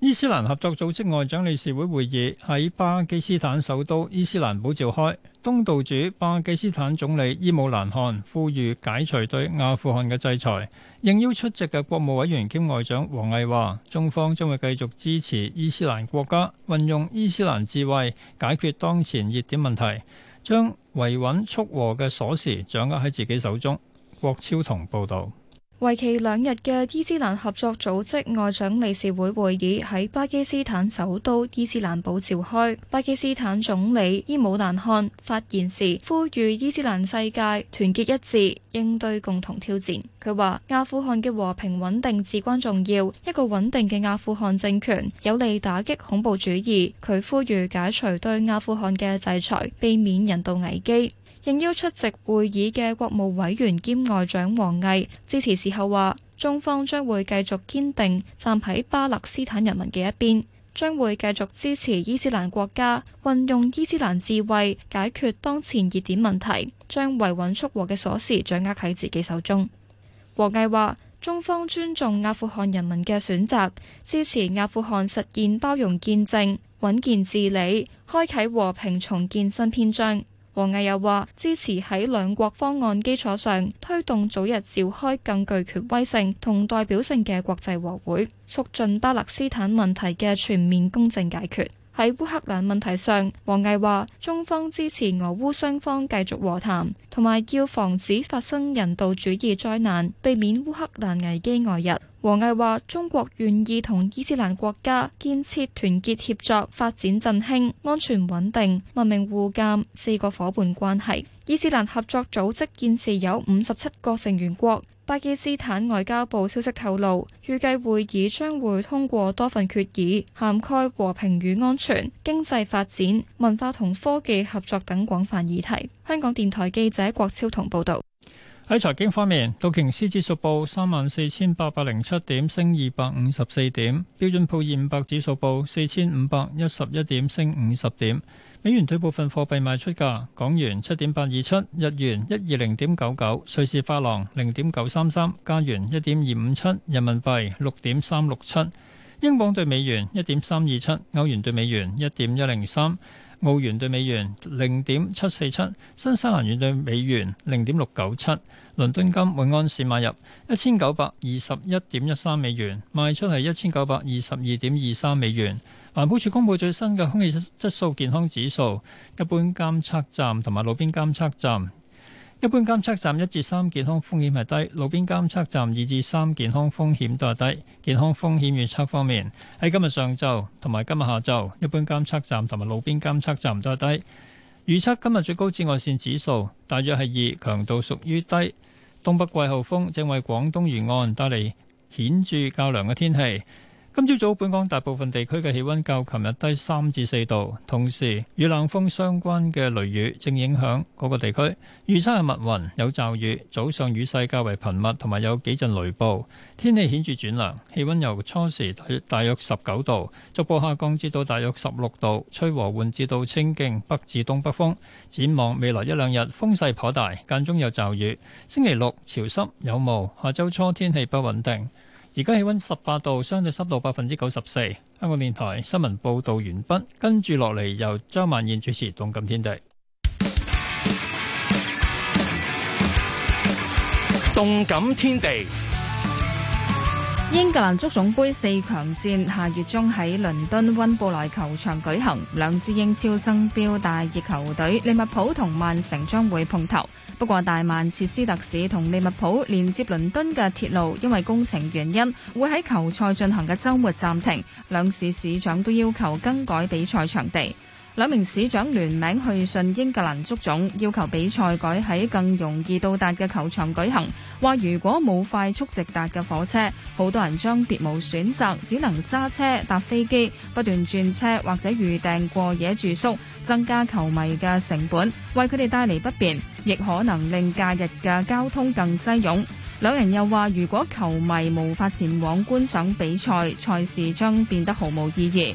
伊斯蘭合作組織外長理事會會議喺巴基斯坦首都伊斯蘭堡召開。東道主巴基斯坦總理伊姆蘭汗呼籲解除對阿富汗嘅制裁。應邀出席嘅國務委員兼外長王毅話：中方將會繼續支持伊斯蘭國家運用伊斯蘭智慧解決當前熱點問題，將維穩促和嘅鎖匙掌握喺自己手中。郭超同報道。為期兩日嘅伊斯蘭合作組織外長理事會會議喺巴基斯坦首都伊斯蘭堡召開。巴基斯坦總理伊姆蘭汗發言時呼籲伊斯蘭世界團結一致應對共同挑戰。佢話阿富汗嘅和平穩定至關重要，一個穩定嘅阿富汗政權有利打擊恐怖主義。佢呼籲解除對阿富汗嘅制裁，避免人道危機。應邀出席會議嘅國務委員兼外長王毅致辭時候話：中方將會繼續堅定站喺巴勒斯坦人民嘅一邊，將會繼續支持伊斯蘭國家運用伊斯蘭智慧解決當前熱點問題，將維穩促和嘅鎖匙掌握喺自己手中。王毅話：中方尊重阿富汗人民嘅選擇，支持阿富汗實現包容、建政、穩健治理，開啟和平重建新篇章。王毅又話：支持喺兩國方案基礎上推動早日召開更具權威性同代表性嘅國際和會，促進巴勒斯坦問題嘅全面公正解決。喺烏克蘭問題上，王毅話中方支持俄烏雙方繼續和談，同埋要防止發生人道主義災難，避免烏克蘭危機外溢，王毅話中國願意同伊斯蘭國家建設團結、協作、發展、振興、安全、穩定、文明互鑒四個夥伴關係。伊斯蘭合作組織現時有五十七個成員國。巴基斯坦外交部消息透露，預計會議將會通過多份決議，涵蓋和平與安全、經濟發展、文化同科技合作等廣泛議題。香港電台記者郭超同報道。喺財經方面，道瓊斯指數報三萬四千八百零七點，升二百五十四點；標準普爾五百指數報四千五百一十一點，升五十點。美元兌部分貨幣賣出價：港元七點八二七，日元一二零點九九，瑞士法郎零點九三三，加元一點二五七，人民幣六點三六七，英鎊兌美元一點三二七，歐元兌美元一點一零三，澳元兌美元零點七四七，新西蘭元兌美元零點六九七。倫敦金每安士買入一千九百二十一點一三美元，賣出係一千九百二十二點二三美元。環保署公布最新嘅空氣質素健康指數，一般監測站同埋路邊監測站，一般監測站一至三健康風險係低，路邊監測站二至三健康風險都係低。健康風險預測方面，喺今日上晝同埋今日下晝，一般監測站同埋路邊監測站都係低。預測今日最高紫外線指數大約係二，強度屬於低。東北季候風正為廣東沿岸帶嚟顯著較涼嘅天氣。今朝早，本港大部分地區嘅氣溫較琴日低三至四度，同時與冷風相關嘅雷雨正影響嗰個地區。預測係密雲有驟雨，早上雨勢較為頻密，同埋有幾陣雷暴。天氣顯著轉涼，氣溫由初時大約十九度逐步下降至到大約十六度，吹和緩至到清勁北至東北風。展望未來一兩日，風勢頗大，間中有驟雨。星期六潮濕有霧，下周初天氣不穩定。而家氣溫十八度，相對濕度百分之九十四。香港電台新聞報導完畢，跟住落嚟由張萬燕主持《動感天地》。動感天地。英格蘭足總盃四強戰下月中喺倫敦温布萊球場舉行，兩支英超爭標大熱球隊利物浦同曼城將會碰頭。不過大曼徹斯特市同利物浦連接倫敦嘅鐵路因為工程原因會喺球賽進行嘅周末暫停，兩市市長都要求更改比賽場地。兩名市長聯名去信英格蘭足總，要求比賽改喺更容易到達嘅球場舉行。話如果冇快速直達嘅火車，好多人將別無選擇，只能揸車搭飛機，不斷轉車或者預訂過夜住宿，增加球迷嘅成本，為佢哋帶嚟不便，亦可能令假日嘅交通更擠擁。兩人又話，如果球迷無法前往觀賞比賽，賽事將變得毫無意義。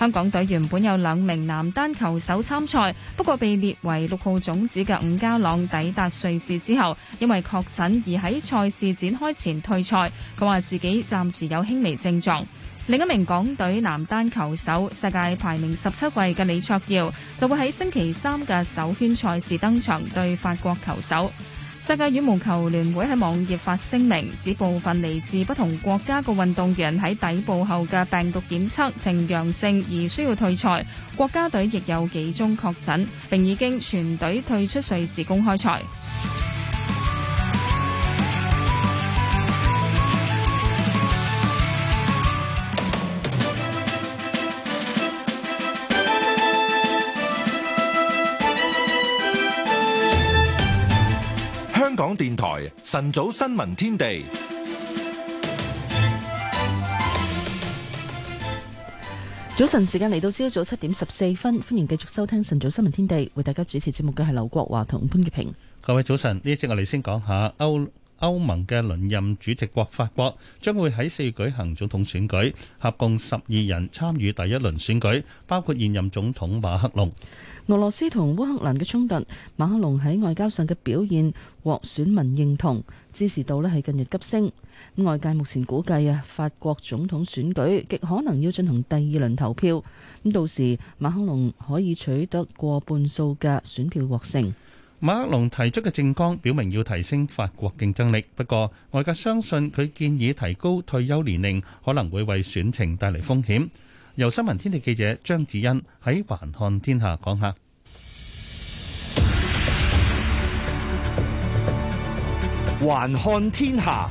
香港隊原本有兩名男單球手參賽，不過被列為六號種子嘅伍家朗抵達瑞士之後，因為確診而喺賽事展開前退賽，佢話自己暫時有輕微症狀。另一名港隊男單球手，世界排名十七位嘅李卓耀，就會喺星期三嘅首圈賽事登場對法國球手。世界羽毛球聯會喺網頁發聲明，指部分嚟自不同國家嘅運動員喺抵埗後嘅病毒檢測呈陽性，而需要退賽。國家隊亦有幾宗確診，並已經全隊退出瑞士公開賽。電台晨早新聞天地，早晨時間嚟到朝早七點十四分，歡迎繼續收聽晨早新聞天地，為大家主持節目嘅係劉國華同潘潔平。各位早晨，呢一節我哋先講下歐。歐盟嘅輪任主席國法國將會喺四月舉行總統選舉，合共十二人參與第一輪選舉，包括現任總統馬克龍。俄羅斯同烏克蘭嘅衝突，馬克龍喺外交上嘅表現獲選民認同，支持度呢係近日急升。外界目前估計啊，法國總統選舉極可能要進行第二輪投票，咁到時馬克龍可以取得過半數嘅選票獲勝。馬克龍提出嘅政綱表明要提升法國競爭力，不過外界相信佢建議提高退休年齡可能會為選情帶嚟風險。由新聞天地記者張子欣喺《環看天下》講下。環看天下。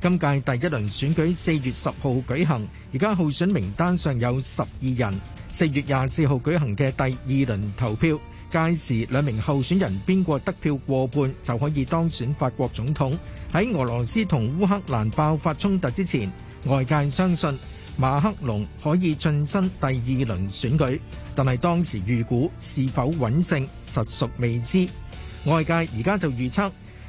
今屆第一輪選舉四月十號舉行，而家候選名單上有十二人。四月廿四號舉行嘅第二輪投票，屆時兩名候選人邊個得票過半就可以當選法國總統。喺俄羅斯同烏克蘭爆發衝突之前，外界相信馬克龍可以晉身第二輪選舉，但係當時預估是否穩勝實屬未知。外界而家就預測。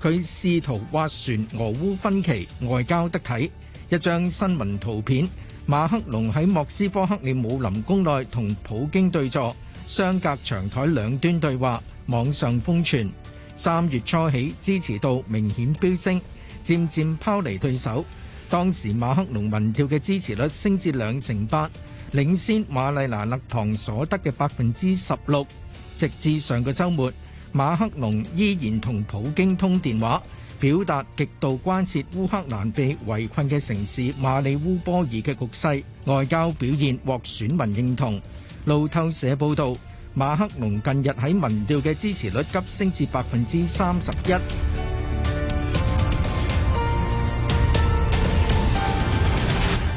佢試圖斡旋俄烏分歧，外交得體。一張新聞圖片，馬克龍喺莫斯科克里姆林宮內同普京對坐，相隔長台兩端對話，網上瘋傳。三月初起支持度明顯飆升，漸漸拋離對手。當時馬克龍民調嘅支持率升至兩成八，領先馬麗娜勒龐所得嘅百分之十六，直至上個週末。馬克龍依然同普京通電話，表達極度關切烏克蘭被圍困嘅城市馬里烏波爾嘅局勢。外交表現獲選民認同。路透社報道，馬克龍近日喺民調嘅支持率急升至百分之三十一。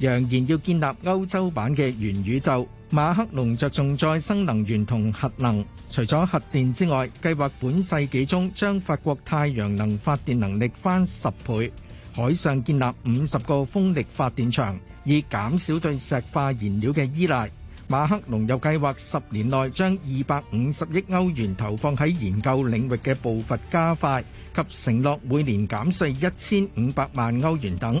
揚言要建立歐洲版嘅元宇宙。馬克龍着重再生能源同核能，除咗核電之外，計劃本世紀中將法國太陽能發電能力翻十倍，海上建立五十個風力發電場，以減少對石化燃料嘅依賴。馬克龍又計劃十年內將二百五十億歐元投放喺研究領域嘅步伐加快，及承諾每年減稅一千五百萬歐元等。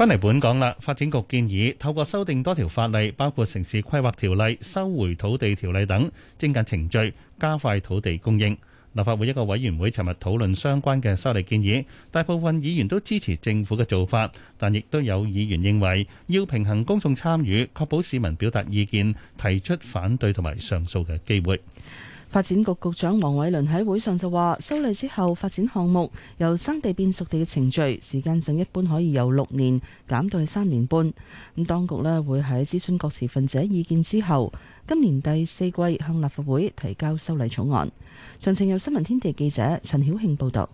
翻嚟本港啦，發展局建議透過修訂多條法例，包括城市規劃條例、收回土地條例等，精簡程序，加快土地供應。立法會一個委員會尋日討論相關嘅修例建議，大部分議員都支持政府嘅做法，但亦都有議員認為要平衡公眾參與，確保市民表達意見、提出反對同埋上訴嘅機會。發展局局長黃偉綸喺會上就話，修例之後發展項目由生地變熟地嘅程序，時間上一般可以由六年減到係三年半。咁當局呢會喺諮詢各持份者意見之後，今年第四季向立法會提交修例草案。詳情由新聞天地記者陳曉慶報道。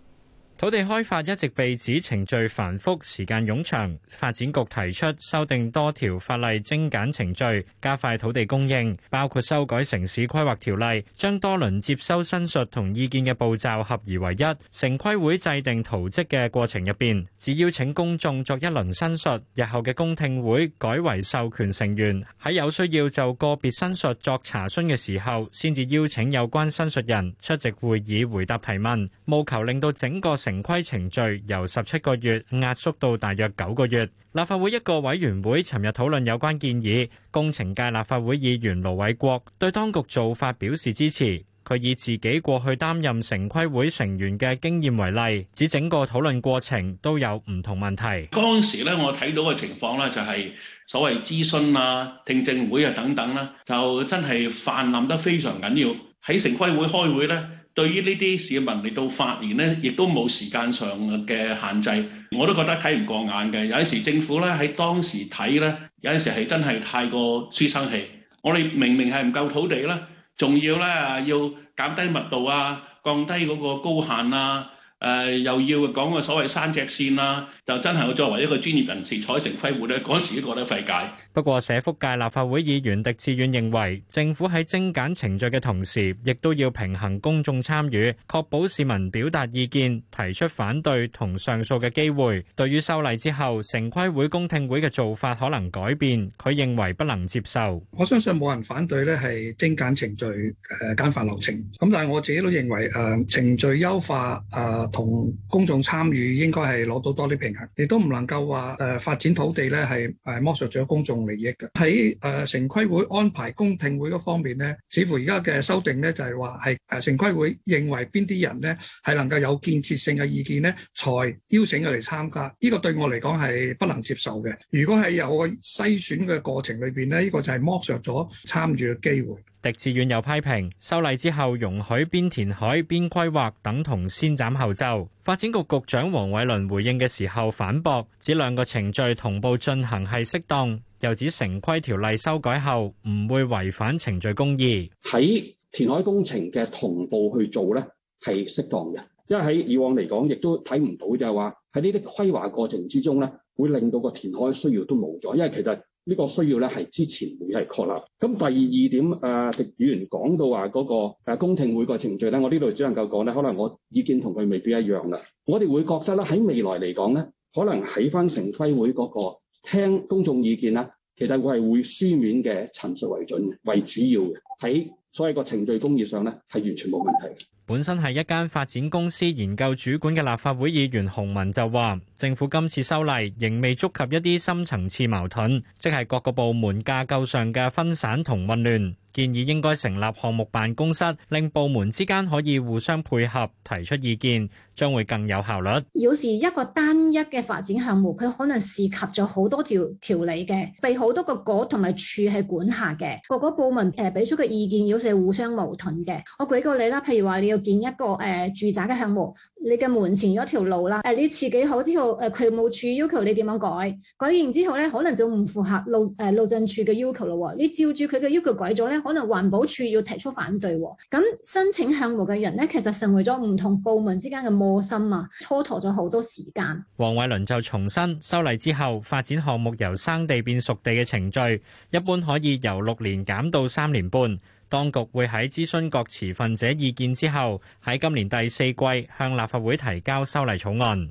土地開發一直被指程序繁複、時間冗長。發展局提出修訂多條法例，精簡程序，加快土地供應，包括修改城市規劃條例，將多輪接收申述同意見嘅步驟合而為一。城規會制定圖則嘅過程入邊，只邀請公眾作一輪申述。日後嘅公聽會改為授權成員，喺有需要就個別申述作查詢嘅時候，先至邀請有關申述人出席會議回答提問，務求令到整個城規程序由十七個月壓縮到大約九個月。立法會一個委員會尋日討論有關建議，工程界立法會議員盧偉國對當局做法表示支持。佢以自己過去擔任城規會成員嘅經驗為例，指整個討論過程都有唔同問題。當時咧，我睇到嘅情況咧就係所謂諮詢啊、聽證會啊等等啦，就真係泛濫得非常緊要。喺城規會開會咧。對於呢啲市民嚟到發言呢，亦都冇時間上嘅限制，我都覺得睇唔過眼嘅。有陣時政府咧喺當時睇呢，有陣時係真係太過書生氣。我哋明明係唔夠土地啦，仲要咧要減低密度啊，降低嗰個高限啊，誒、呃、又要講個所謂山脊線啦、啊。就真係我作為一個專業人士，彩城規會咧，嗰陣時都覺得費解。不過社福界立法會議員狄志遠認為，政府喺精簡程序嘅同時，亦都要平衡公眾參與，確保市民表達意見、提出反對同上訴嘅機會。對於修例之後，城規會公聽會嘅做法可能改變，佢認為不能接受。我相信冇人反對咧，係精簡程序、誒簡化流程。咁但係我自己都認為，誒程序優化誒同公眾參與應該係攞到多啲平衡。亦都唔能夠話，誒發展土地咧係誒剝削咗公眾利益嘅。喺誒城規會安排公聽會嗰方面呢，似乎而家嘅修訂呢，就係話係誒城規會認為邊啲人呢係能夠有建設性嘅意見呢，才邀請佢嚟參加。呢個對我嚟講係不能接受嘅。如果係有個篩選嘅過程裏邊呢，呢個就係剝削咗參與嘅機會。狄志遠有批評，修例之後容許邊填海邊規劃，等同先斬後奏。發展局局長黃偉綸回應嘅時候反駁，指兩個程序同步進行係適當，又指城規條例修改後唔會違反程序公義。喺填海工程嘅同步去做呢係適當嘅，因為喺以往嚟講，亦都睇唔到就係話喺呢啲規劃過程之中呢，會令到個填海需要都冇咗，因為其實。呢個需要咧係之前會係確立。咁第二點，誒議員講到話嗰個誒公聽會個程序咧，我呢度只能夠講咧，可能我意見同佢未必一樣啦。我哋會覺得咧，喺未來嚟講咧，可能喺翻城規會嗰個聽公眾意見啦，其實係會書面嘅陳述為準嘅，為主要嘅。喺所謂個程序工業上咧，係完全冇問題。本身係一間發展公司研究主管嘅立法會議員洪文就話：政府今次修例，仍未觸及一啲深層次矛盾，即係各個部門架構上嘅分散同混亂。建議應該成立項目辦公室，令部門之間可以互相配合，提出意見，將會更有效率。如果是一個單一嘅發展項目，佢可能涉及咗好多條條例嘅，被好多個局同埋處係管下嘅，各個部門誒俾出嘅意見，有時係互相矛盾嘅。我舉個例啦，譬如話你要建一個誒住宅嘅項目。你嘅門前嗰條路啦，誒，你設計好之後，誒，渠務處要求你點樣改，改完之後咧，可能就唔符合路誒路政處嘅要求啦。你照住佢嘅要求改咗咧，可能環保處要提出反對。咁申請項目嘅人咧，其實成為咗唔同部門之間嘅磨心啊，蹉跎咗好多時間。黃偉綸就重申，修例之後，發展項目由生地變熟地嘅程序，一般可以由六年減到三年半。當局會喺諮詢各持份者意見之後，喺今年第四季向立法會提交修例草案。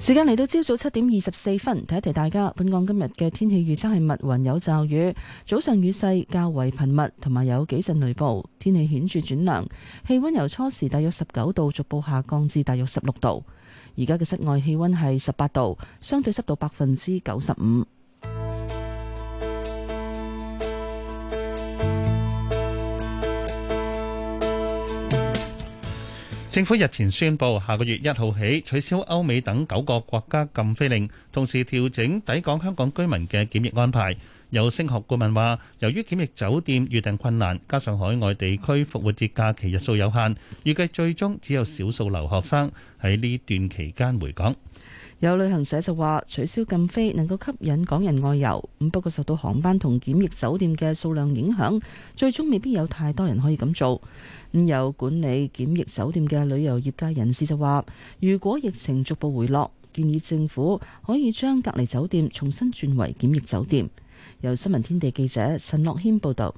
時間嚟到朝早七點二十四分，提一提大家，本港今日嘅天氣預測係密雲有驟雨，早上雨勢較為頻密，同埋有，有幾陣雷暴，天氣顯著轉涼，氣溫由初時大約十九度逐步下降至大約十六度。而家嘅室外氣溫係十八度，相對濕度百分之九十五。政府日前宣布，下個月一號起取消歐美等九個國家禁飛令，同時調整抵港香港居民嘅檢疫安排。有升學顧問話，由於檢疫酒店預訂困難，加上海外地區復活節假期日數有限，預計最終只有少數留學生喺呢段期間回港。有旅行社就話，取消禁飛能夠吸引港人外遊，咁不過受到航班同檢疫酒店嘅數量影響，最終未必有太多人可以咁做。咁有管理檢疫酒店嘅旅遊業界人士就話，如果疫情逐步回落，建議政府可以將隔離酒店重新轉為檢疫酒店。由新聞天地記者陳樂謙報道，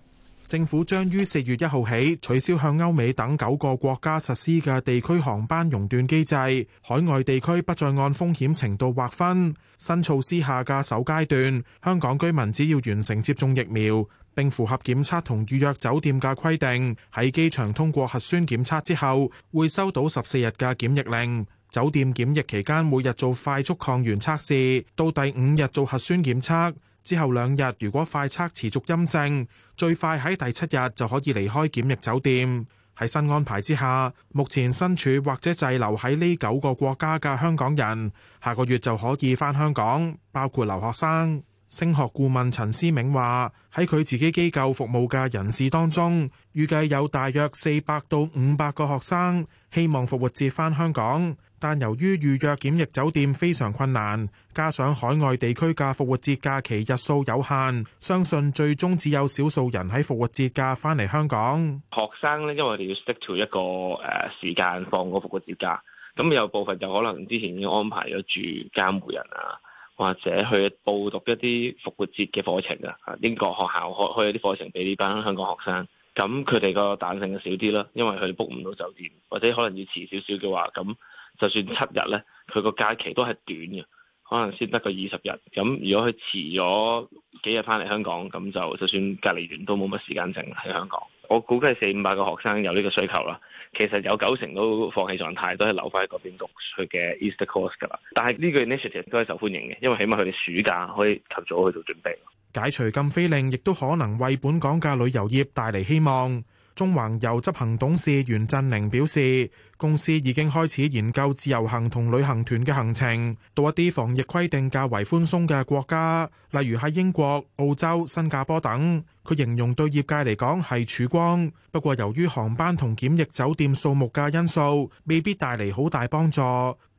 政府將於四月一號起取消向歐美等九個國家實施嘅地區航班熔斷機制，海外地區不再按風險程度劃分。新措施下嘅首階段，香港居民只要完成接種疫苗，並符合檢測同預約酒店嘅規定，喺機場通過核酸檢測之後，會收到十四日嘅檢疫令。酒店檢疫期間，每日做快速抗原測試，到第五日做核酸檢測。之後兩日，如果快測持續陰性，最快喺第七日就可以離開檢疫酒店。喺新安排之下，目前身處或者滯留喺呢九個國家嘅香港人，下個月就可以返香港，包括留學生。升學顧問陳思銘話：喺佢自己機構服務嘅人士當中，預計有大約四百到五百個學生希望復活節返香港。但由於預約檢疫酒店非常困難，加上海外地區嘅復活節假期日數有限，相信最終只有少數人喺復活節假翻嚟香港。學生咧，因為我哋要 stick to 一個誒時間放個復活節假，咁有部分就可能之前已經安排咗住監護人啊，或者去報讀一啲復活節嘅課程啊，英國學校開開一啲課程俾呢班香港學生，咁佢哋個彈性就少啲啦，因為佢 book 唔到酒店，或者可能要遲少少嘅話，咁。就算七日咧，佢個假期都係短嘅，可能先得個二十日。咁如果佢遲咗幾日翻嚟香港，咁就就算隔離完都冇乜時間剩喺香港。我估計四五百個學生有呢個需求啦。其實有九成都放棄狀態，都係留翻喺嗰邊讀佢嘅 Easter Course 噶啦。但係呢個 Initiative 都係受歡迎嘅，因為起碼佢哋暑假可以及早去做準備。解除禁飛令，亦都可能為本港嘅旅遊業帶嚟希望。中環遊執行董事袁振寧表示，公司已經開始研究自由行同旅行團嘅行程，到一啲防疫規定較為寬鬆嘅國家，例如喺英國、澳洲、新加坡等。佢形容對業界嚟講係曙光，不過由於航班同檢疫酒店數目嘅因素，未必帶嚟好大幫助。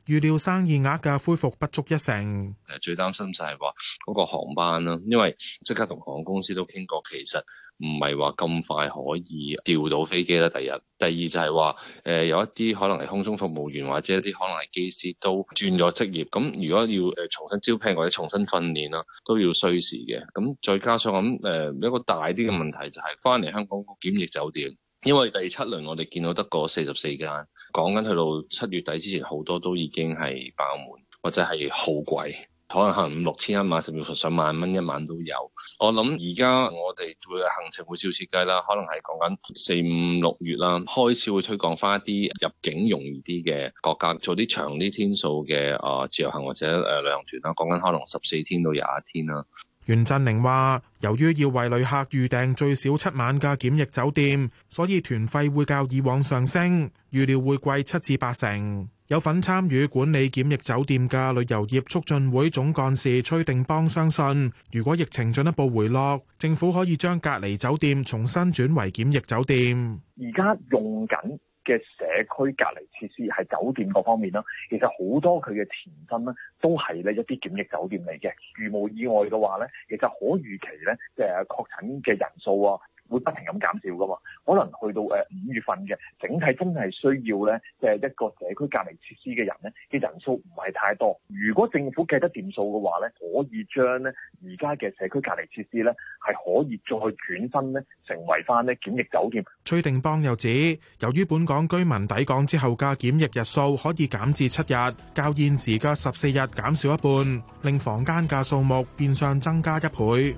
預料生意額嘅恢復不足一成。誒最擔心就係話嗰個航班啦，因為即刻同航空公司都傾過，其實唔係話咁快可以調到飛機啦。第一、第二就係話誒有一啲可能係空中服務員或者一啲可能係機師都轉咗職業。咁如果要誒重新招聘或者重新訓練啦，都要需時嘅。咁再加上咁誒、呃、一個大啲嘅問題就係翻嚟香港個檢疫酒店，因為第七輪我哋見到得個四十四間。講緊去到七月底之前，好多都已經係爆滿，或者係好貴，可能可能五六千一晚，甚至乎上萬蚊一晚都有。我諗而家我哋會行程會照設計啦，可能係講緊四五六月啦，開始會推廣返一啲入境容易啲嘅國家，做啲長啲天數嘅啊自由行或者誒旅行團啦。講緊可能十四天到廿一天啦。袁振寧話，由於要為旅客預訂最少七晚嘅檢疫酒店，所以團費會較以往上升，預料會貴七至八成。有份參與管理檢疫酒店嘅旅遊業促進會總幹事崔定邦相信，如果疫情進一步回落，政府可以將隔離酒店重新轉為檢疫酒店。而家用緊。嘅社區隔離設施係酒店嗰方面啦，其實好多佢嘅前身咧都係咧一啲檢疫酒店嚟嘅，如無意外嘅話咧，其實可預期咧即係、呃、確診嘅人數啊，會不停咁減少㗎嘛。可能去到誒五月份嘅，整體真係需要咧，即係一個社區隔離設施嘅人咧嘅人數唔係太多。如果政府計得掂數嘅話咧，可以將咧而家嘅社區隔離設施咧係可以再去轉身咧成為翻呢檢疫酒店。崔定邦又指，由於本港居民抵港之後嘅檢疫日數可以減至七日，較現時嘅十四日減少一半，令房間嘅數目變相增加一倍。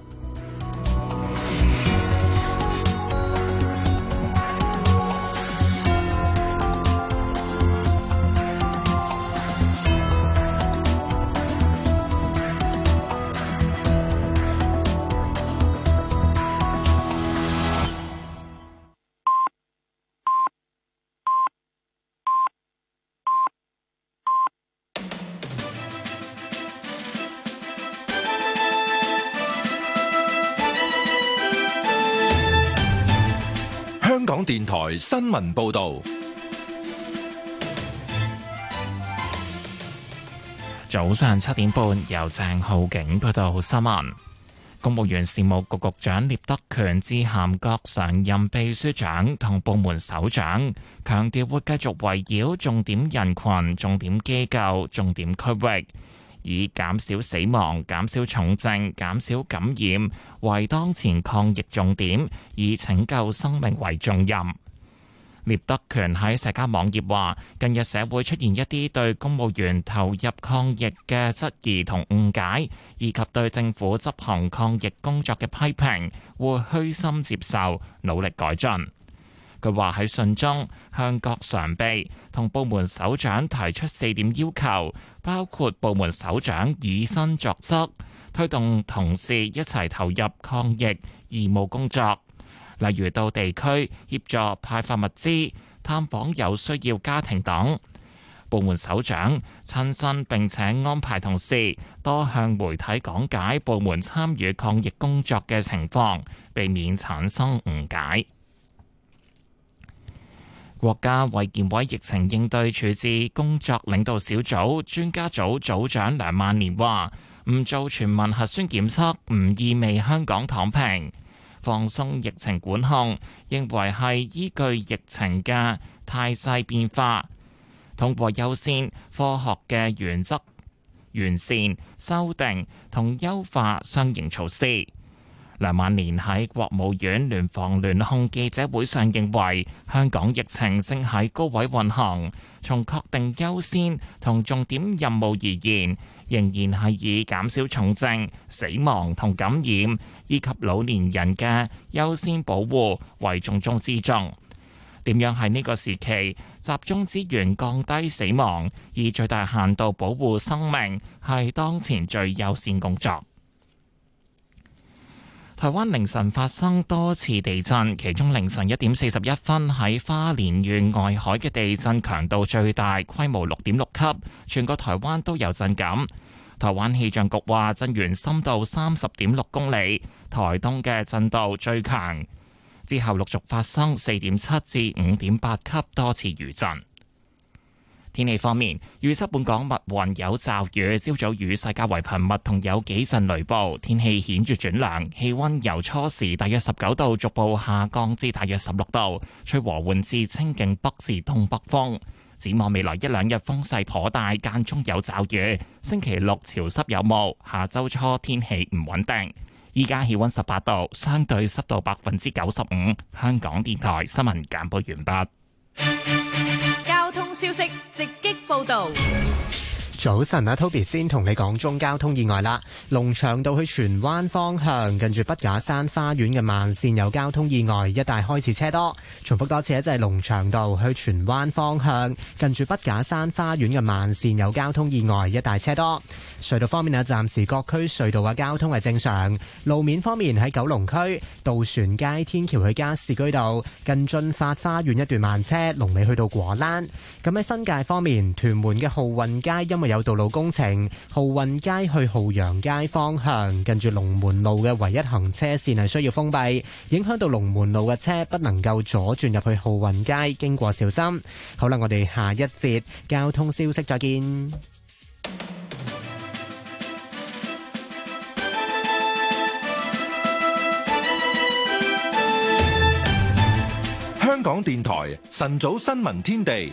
新聞報道，早上七點半，由鄭浩景報道新聞。公務員事務局局長聶德權致函各常任秘書長同部門首長，強調會繼續圍繞重點人群、重點機構、重點區域，以減少死亡、減少重症、減少感染，為當前抗疫重點，以拯救生命為重任。聶德權喺社交網頁話：近日社會出現一啲對公務員投入抗疫嘅質疑同誤解，以及對政府執行抗疫工作嘅批評，會虛心接受，努力改進。佢話喺信中向各常秘同部門首長提出四點要求，包括部門首長以身作則，推動同事一齊投入抗疫義務工作。例如到地區協助派發物資、探訪有需要家庭等。部門首長親身，並且安排同事多向媒體講解部門參與抗疫工作嘅情況，避免產生誤解。國家衛健委疫情應對處置工作領導小組專家組組長梁萬年話：唔做全民核酸檢測，唔意味香港躺平。放鬆疫情管控，認為係依據疫情嘅態勢變化，通過優先、科學嘅原則，完善、修訂同優化相應措施。梁萬年喺國務院聯防聯控記者會上認為香港疫情正喺高位運行。從確定優先同重點任務而言，仍然係以減少重症、死亡同感染，以及老年人嘅優先保護為重中之重。點樣喺呢個時期集中資源降低死亡，以最大限度保護生命，係當前最優先工作。台灣凌晨發生多次地震，其中凌晨一點四十一分喺花蓮縣外海嘅地震強度最大，規模六點六級，全個台灣都有震感。台灣氣象局話震源深度三十點六公里，台東嘅震度最強，之後陸續發生四點七至五點八級多次餘震。天氣方面，預測本港密雲有驟雨，朝早雨勢較為頻密，同有幾陣雷暴。天氣顯著轉涼，氣溫由初時大約十九度逐步下降至大約十六度，吹和緩至清勁北至東北風。展望未來一兩日風勢頗大，間中有驟雨。星期六潮濕有霧，下周初天氣唔穩定。依家氣溫十八度，相對濕度百分之九十五。香港電台新聞簡報完畢。 消息直擊報導。早晨啊，Toby 先同你講中交通意外啦。龍翔道去荃灣方向，近住畢架山花園嘅慢綫有交通意外，一帶開始車多。重複多次啊，就係龍翔道去荃灣方向，近住畢架山花園嘅慢綫有交通意外，一帶車多。隧道方面啊，暫時各區隧道嘅交通係正常。路面方面喺九龍區渡船街天橋去加士居道，近駿發花園一段慢車，龍尾去到果欄。咁喺新界方面，屯門嘅好運街因為有道路工程，浩運街去浩陽街方向，近住龍門路嘅唯一行車線係需要封閉，影響到龍門路嘅車不能夠左轉入去浩運街，經過小心。好啦，我哋下一節交通消息再見。香港電台晨早新聞天地。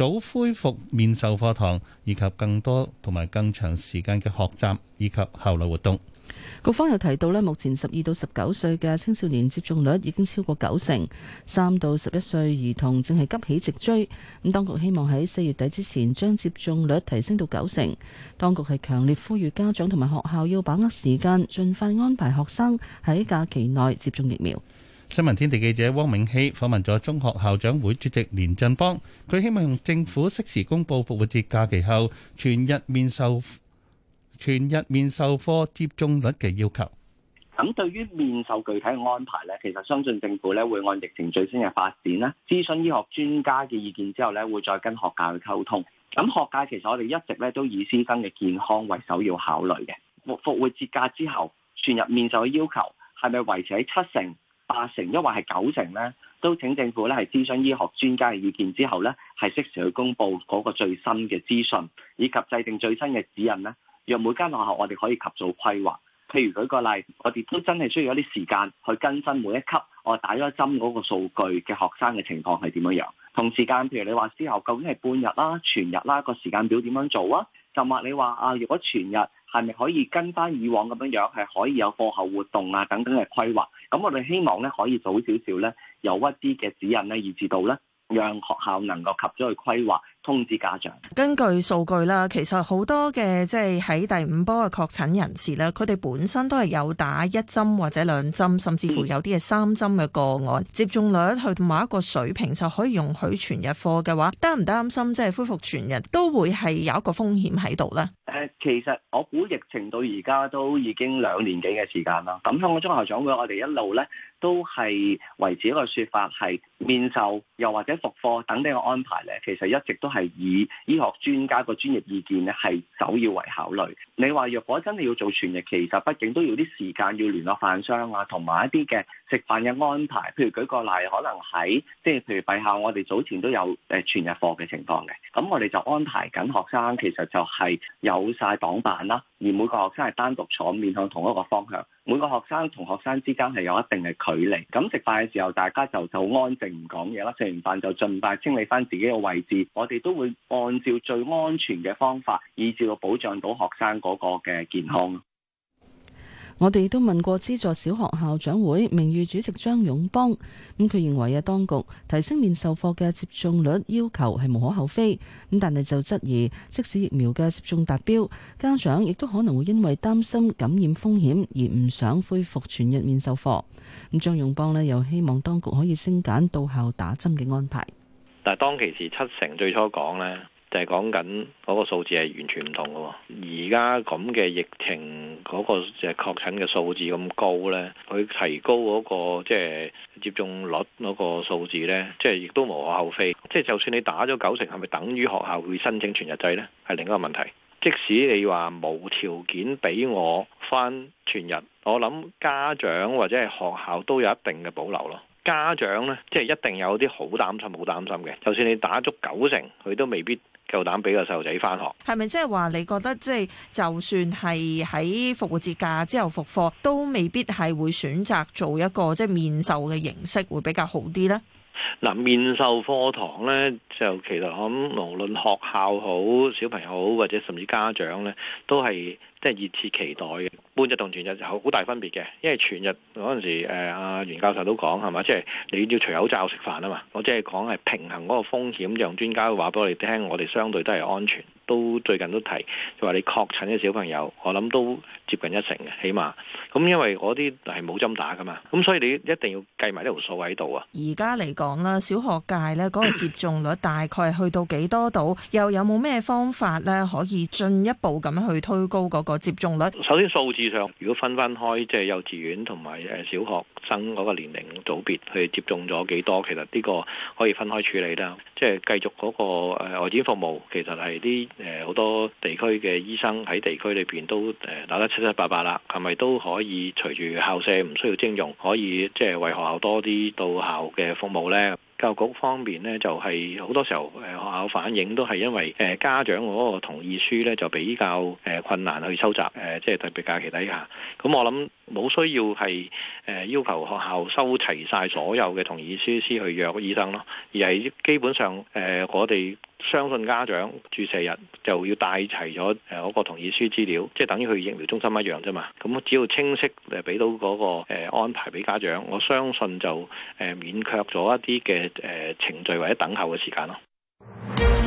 早恢復面授課堂，以及更多同埋更長時間嘅學習以及校內活動。局方又提到咧，目前十二到十九歲嘅青少年接種率已經超過九成，三到十一歲兒童正係急起直追。咁當局希望喺四月底之前將接種率提升到九成。當局係強烈呼籲家長同埋學校要把握時間，盡快安排學生喺假期內接種疫苗。新聞天地記者汪明熙訪問咗中學校長會主席連振邦，佢希望政府適時公佈復活節假期後全日面授全日面授科接種率嘅要求。咁對於面授具體嘅安排咧，其實相信政府咧會按疫情最新嘅發展啦，諮詢醫學專家嘅意見之後咧，會再跟學界去溝通。咁學界其實我哋一直咧都以師生嘅健康為首要考慮嘅。復復活節假之後全日面授嘅要求係咪維持喺七成？八成，抑或係九成咧，都請政府咧係諮詢醫學專家嘅意見之後咧，係適時去公布嗰個最新嘅資訊，以及制定最新嘅指引咧。若每間學校，我哋可以及早規劃。譬如舉個例，我哋都真係需要一啲時間去更新每一級我打咗針嗰個數據嘅學生嘅情況係點樣樣。同時間，譬如你話之後究竟係半日啦、全日啦，個時間表點樣做啊？就話你話啊，如果全日。係咪可以跟翻以往咁樣樣，係可以有課後活動啊等等嘅規劃？咁我哋希望咧可以早少少咧，有一啲嘅指引咧，以至到咧，讓學校能夠及早去規劃。通知家長根據數據啦，其實好多嘅即係喺第五波嘅確診人士咧，佢哋本身都係有打一針或者兩針甚至乎有啲係三針嘅個案。嗯、接種率去到某一個水平就可以容許全日課嘅話，擔唔擔心即係恢復全日都會係有一個風險喺度咧？誒，其實我估疫情到而家都已經兩年幾嘅時間啦。咁香港中學校長會，我哋一路咧都係維持一個說法係面授又或者復課等呢個安排咧，其實一直都。係以醫學專家個專業意見咧，係首要為考慮。你話若果真你要做全日，其實畢竟都要啲時間要聯絡飯商啊，同埋一啲嘅食飯嘅安排。譬如舉個例，可能喺即係譬如陛下我哋早前都有誒全日課嘅情況嘅。咁我哋就安排緊學生，其實就係有晒擋板啦，而每個學生係單獨坐面向同一個方向。每個學生同學生之間係有一定嘅距離，咁食飯嘅時候大家就就好安靜唔講嘢啦，食完飯就盡快清理翻自己嘅位置。我哋都會按照最安全嘅方法，以至到保障到學生嗰個嘅健康。我哋都問過資助小學校長會名譽主席張勇邦，咁佢認為啊，當局提升面授課嘅接種率要求係無可厚非，咁但係就質疑，即使疫苗嘅接種達標，家長亦都可能會因為擔心感染風險而唔想恢復全日面授課。咁張勇邦呢又希望當局可以精簡到校打針嘅安排。但係當其時七成最初講呢。就係講緊嗰個數字係完全唔同嘅喎。啊，而家咁嘅疫情嗰個就係確診嘅數字咁高呢，佢提高嗰個即係接種率嗰個數字呢，即係亦都無可厚非。即係就算你打咗九成，係咪等於學校會申請全日制呢？係另一個問題。即使你話無條件俾我翻全日，我諗家長或者係學校都有一定嘅保留咯。家長呢，即係一定有啲好擔心、好擔心嘅。就算你打足九成，佢都未必。夠膽俾個細路仔翻學，係咪即係話你覺得即係、就是、就算係喺復活節假之後復課，都未必係會選擇做一個即係、就是、面授嘅形式會比較好啲呢？嗱，面授課堂呢，就其實我諗無論學校好，小朋友好，或者甚至家長呢，都係。即係熱切期待嘅，半日同全日就好大分別嘅，因為全日嗰陣時，阿、呃、袁教授都講係嘛，即係你要除口罩食飯啊嘛，我即係講係平衡嗰個風險，讓專家話俾我哋聽，我哋相對都係安全。都最近都提，就話、是、你確診嘅小朋友，我諗都接近一成嘅，起碼，咁因為嗰啲係冇針打噶嘛，咁所以你一定要計埋呢條數喺度啊。而家嚟講啦，小學界咧嗰個接種率大概去到幾多度？又有冇咩方法咧可以進一步咁去推高嗰個接種率？首先數字上，如果分翻開，即係幼稚園同埋誒小學生嗰個年齡組別去接種咗幾多，其實呢個可以分開處理啦。即係繼續嗰個誒外展服務，其實係啲。誒好多地區嘅醫生喺地區裏邊都誒打得七七八八啦，係咪都可以隨住校舍唔需要徵用，可以即係為學校多啲到校嘅服務呢？教育局方面呢，就係好多時候誒學校反映都係因為誒家長嗰個同意書呢，就比較誒困難去收集誒，即係特別假期底下。咁我諗冇需要係誒要求學校收齊晒所有嘅同意書先去約醫生咯，而係基本上誒我哋。相信家長注射日就要帶齊咗誒嗰個同意書資料，即係等於去疫苗中心一樣啫嘛。咁只要清晰誒俾到嗰個安排俾家長，我相信就誒免卻咗一啲嘅誒程序或者等候嘅時間咯。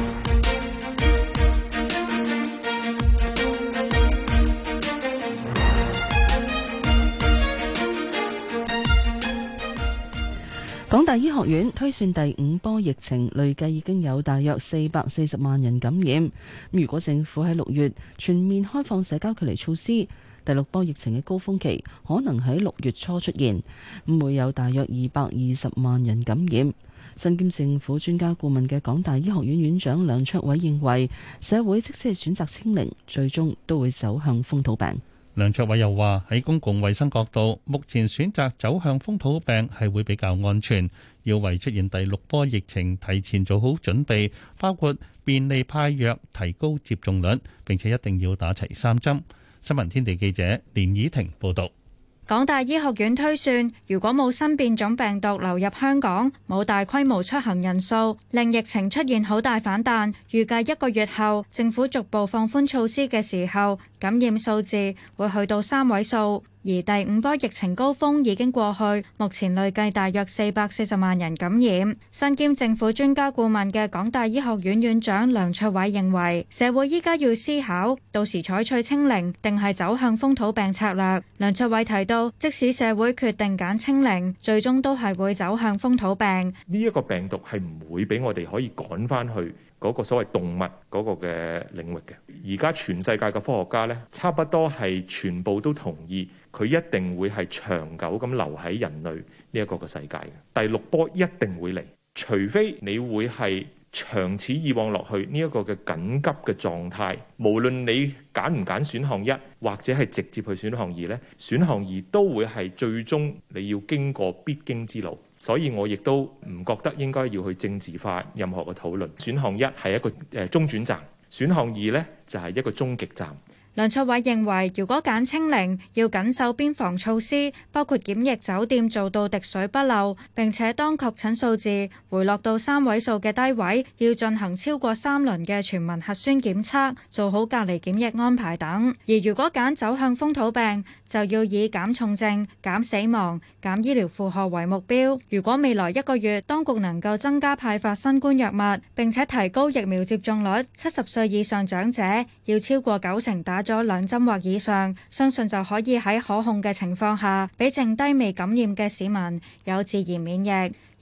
大醫學院推算第五波疫情累計已經有大約四百四十萬人感染。如果政府喺六月全面開放社交距離措施，第六波疫情嘅高峰期可能喺六月初出現，唔會有大約二百二十萬人感染。身兼政府專家顧問嘅港大醫學院院長梁卓偉認為，社會即使係選擇清零，最終都會走向風土病。梁卓偉又話：喺公共衛生角度，目前選擇走向風土病係會比較安全。要為出現第六波疫情提前做好準備，包括便利派藥、提高接種率，並且一定要打齊三針。新聞天地記者連以婷報道：「港大醫學院推算，如果冇新變種病毒流入香港，冇大規模出行人數，令疫情出現好大反彈。預計一個月後，政府逐步放寬措施嘅時候，感染數字會去到三位數，而第五波疫情高峰已經過去，目前累計大約四百四十萬人感染。身兼政府專家顧問嘅港大醫學院院長梁卓偉認為社會依家要思考，到時採取清零定係走向風土病策略。梁卓偉提到，即使社會決定揀清零，最終都係會走向風土病。呢一個病毒係唔會俾我哋可以趕翻去。嗰個所謂動物嗰個嘅領域嘅，而家全世界嘅科學家呢，差不多係全部都同意，佢一定會係長久咁留喺人類呢一個嘅世界嘅。第六波一定會嚟，除非你會係，長此以往落去呢一個嘅緊急嘅狀態，無論你揀唔揀選項一，或者係直接去選項二呢，選項二都會係最終你要經過必經之路。所以我亦都唔覺得應該要去政治化任何嘅討論。選項一係一個誒中轉站，選項二呢就係一個終極站。梁卓偉認為，如果揀清零，要緊守邊防措施，包括檢疫酒店做到滴水不漏，並且當確診數字回落到三位數嘅低位，要進行超過三輪嘅全民核酸檢測，做好隔離檢疫安排等。而如果揀走向風土病，就要以減重症、減死亡、減醫療負荷為目標。如果未來一個月當局能夠增加派發新冠藥物，並且提高疫苗接種率，七十歲以上長者要超過九成打咗兩針或以上，相信就可以喺可控嘅情況下，俾剩低未感染嘅市民有自然免疫。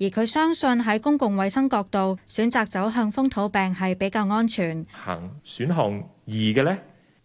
而佢相信喺公共衛生角度，選擇走向風土病係比較安全。行，選項二嘅呢？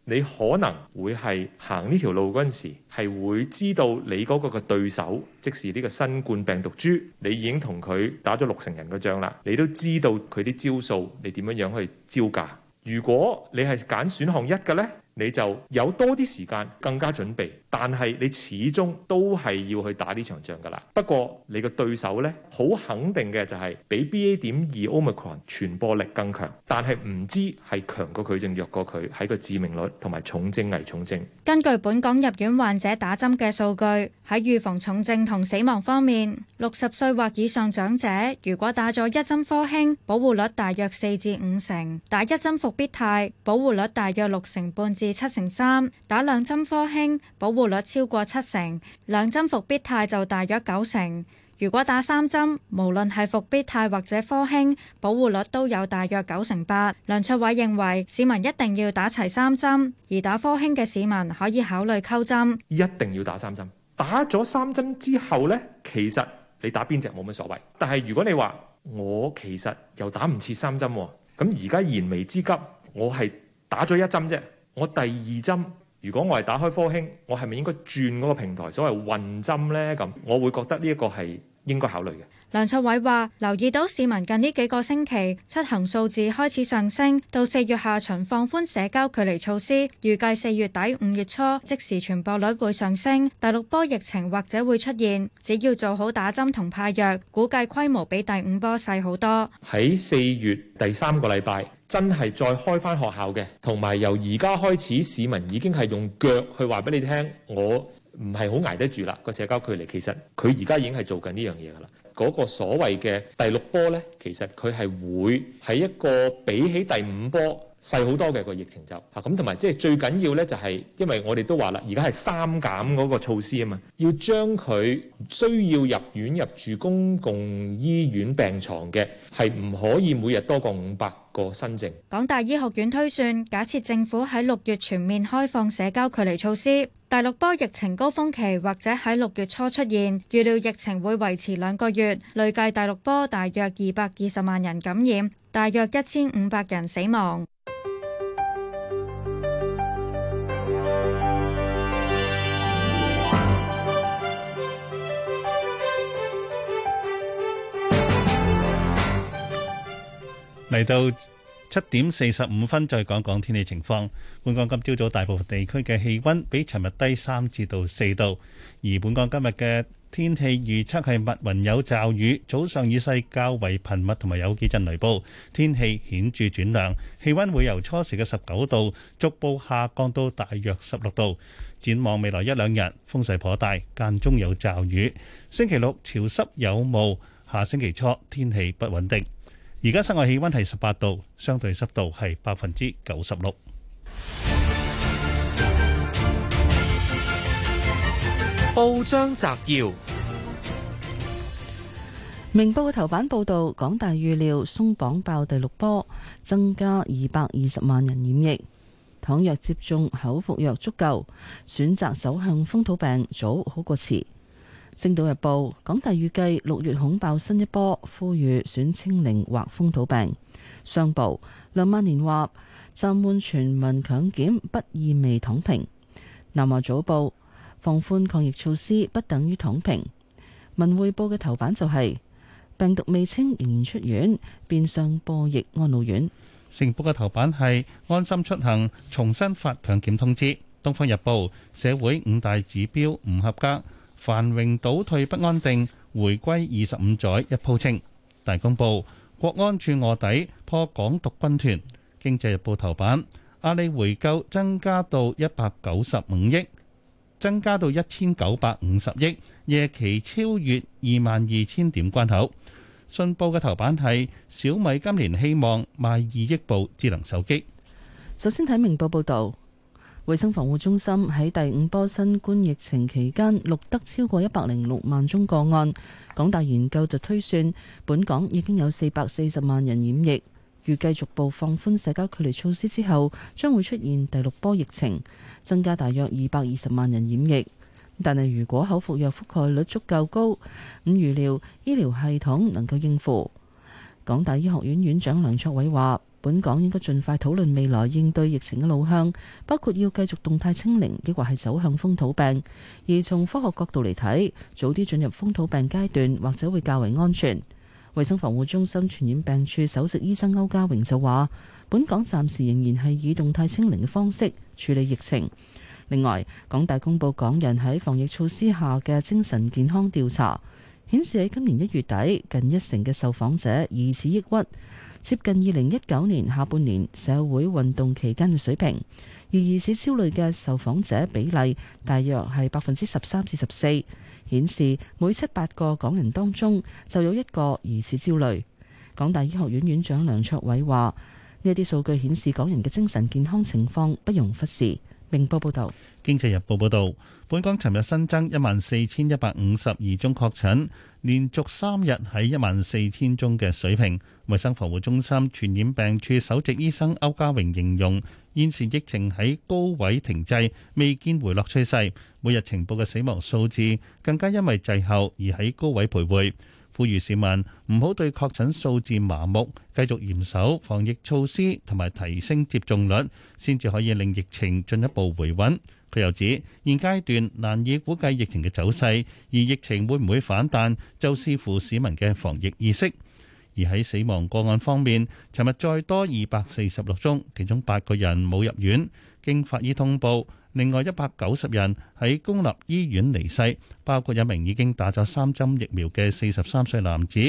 你可能會係行呢條路嗰陣時，係會知道你嗰個嘅對手，即是呢個新冠病毒株，你已經同佢打咗六成人嘅仗啦，你都知道佢啲招數，你點樣樣去招架。如果你係揀選項一嘅呢，你就有多啲時間更加準備。但係你始終都係要去打呢場仗噶啦。不過你個對手呢，好肯定嘅就係比 BA.2 Omicron 傳播力更強，但係唔知係強過佢定弱過佢喺個致命率同埋重症危重症。根據本港入院患者打針嘅數據，喺預防重症同死亡方面，六十歲或以上長者如果打咗一針科興，保護率大約四至五成；打一針復必泰，保護率大約六成半至七成三；打兩針科興，保護率 3,。保護率率超過七成，兩針復必泰就大約九成。如果打三針，無論係復必泰或者科興，保護率都有大約九成八。梁卓偉認為市民一定要打齊三針，而打科興嘅市民可以考慮溝針。一定要打三針，打咗三針之後呢，其實你打邊隻冇乜所謂。但係如果你話我其實又打唔切三針，咁而家燃眉之急，我係打咗一針啫，我第二針。如果我係打開科興，我係咪應該轉嗰個平台，所謂混針咧？咁我會覺得呢一個係應該考慮嘅。梁卓偉話留意到市民近呢幾個星期出行數字開始上升，到四月下旬放寬社交距離措施，預計四月底五月初即時傳播率會上升，第六波疫情或者會出現，只要做好打針同派藥，估計規模比第五波細好多。喺四月第三個禮拜。真係再開返學校嘅，同埋由而家開始，市民已經係用腳去話俾你聽，我唔係好捱得住啦。個社交距離。其實佢而家已經係做緊呢樣嘢噶啦。嗰個所謂嘅第六波呢，其實佢係會喺一個比起第五波，細好多嘅一個疫情就嚇咁，同埋即係最緊要咧，就係因為我哋都話啦，而家係三減嗰個措施啊嘛，要將佢需要入院入住公共醫院病床嘅係唔可以每日多過五百個新症。港大醫學院推算，假設政府喺六月全面開放社交距離措施，第六波疫情高峰期或者喺六月初出現，預料疫情會維持兩個月，累計第六波大約二百二十萬人感染，大約一千五百人死亡。嚟到七點四十五分，再講講天氣情況。本港今朝早大部分地區嘅氣溫比尋日低三至到四度，而本港今日嘅天氣預測係密雲有驟雨，早上雨勢較為頻密，同埋有幾陣雷暴，天氣顯著轉涼，氣溫會由初時嘅十九度逐步下降到大約十六度。展望未來一兩日，風勢頗大，間中有驟雨。星期六潮濕有霧，下星期初天氣不穩定。而家室外氣溫係十八度，相對濕度係百分之九十六。報章摘要：明報嘅頭版報道，港大預料鬆綁爆第六波，增加二百二十萬人染疫。倘若接種口服藥足夠，選擇走向風土病早好過遲。《星島日報》港大預計六月恐爆新一波，呼籲選清零或風土病。上報梁萬年話：暫緩全民強檢不意味躺平。南華早報放寬抗疫措施不等於躺平。文匯報嘅頭版就係、是、病毒未清仍然出院，變相播疫安老院。《成報》嘅頭版係安心出行重新發強檢通知。《東方日報》社會五大指標唔合格。繁榮倒退不安定，回歸二十五載一鋪清。大公報：國安處臥底破港獨軍團。經濟日報頭版：阿里回購增加到一百九十五億，增加到一千九百五十億。夜期超越二萬二千點關口。信報嘅頭版係小米今年希望賣二億部智能手機。首先睇明報報道。衞生防護中心喺第五波新冠疫情期間錄得超過一百零六萬宗個案。港大研究就推算，本港已經有四百四十萬人染疫，預計逐步放寬社交距離措施之後，將會出現第六波疫情，增加大約二百二十萬人染疫。但係如果口服藥覆蓋率足夠高，咁預料醫療系統能夠應付。港大醫學院院長梁卓偉話：本港應該盡快討論未來應對疫情嘅路向，包括要繼續動態清零，抑或係走向風土病。而從科學角度嚟睇，早啲進入風土病階段，或者會較為安全。衛生防護中心傳染病處首席醫生歐家榮就話，本港暫時仍然係以動態清零嘅方式處理疫情。另外，港大公布港人喺防疫措施下嘅精神健康調查，顯示喺今年一月底，近一成嘅受訪者疑似抑鬱。接近二零一九年下半年社會運動期間嘅水平，而疑似焦慮嘅受訪者比例大約係百分之十三至十四，顯示每七八個港人當中就有一個疑似焦慮。港大醫學院院長梁卓偉話，呢啲數據顯示港人嘅精神健康情況不容忽視。明報報道，經濟日報報道，本港尋日新增一萬四千一百五十二宗確診，連續三日喺一萬四千宗嘅水平。衛生防護中心傳染病處首席醫生歐家榮形容，現時疫情喺高位停滯，未見回落趨勢。每日情報嘅死亡數字更加因為滯後而喺高位徘徊。呼籲市民唔好對確診數字麻木，繼續嚴守防疫措施同埋提升接種率，先至可以令疫情進一步回穩。佢又指，現階段難以估計疫情嘅走勢，而疫情會唔會反彈，就視乎市民嘅防疫意識。而喺死亡個案方面，尋日再多二百四十六宗，其中八個人冇入院，經法醫通報。另外一百九十人喺公立醫院離世，包括一名已經打咗三針疫苗嘅四十三歲男子。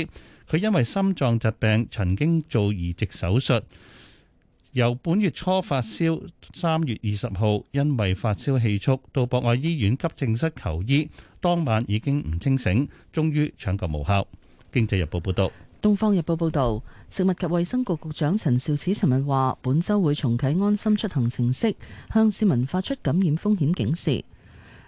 佢因為心臟疾病曾經做移植手術，由本月初發燒三月二十號，因為發燒氣促到博愛醫院急症室求醫，當晚已經唔清醒，終於搶救無效。經濟日報報道、東方日報報道。食物及衛生局局長陳肇始尋日話：本周會重啟安心出行程式，向市民發出感染風險警示。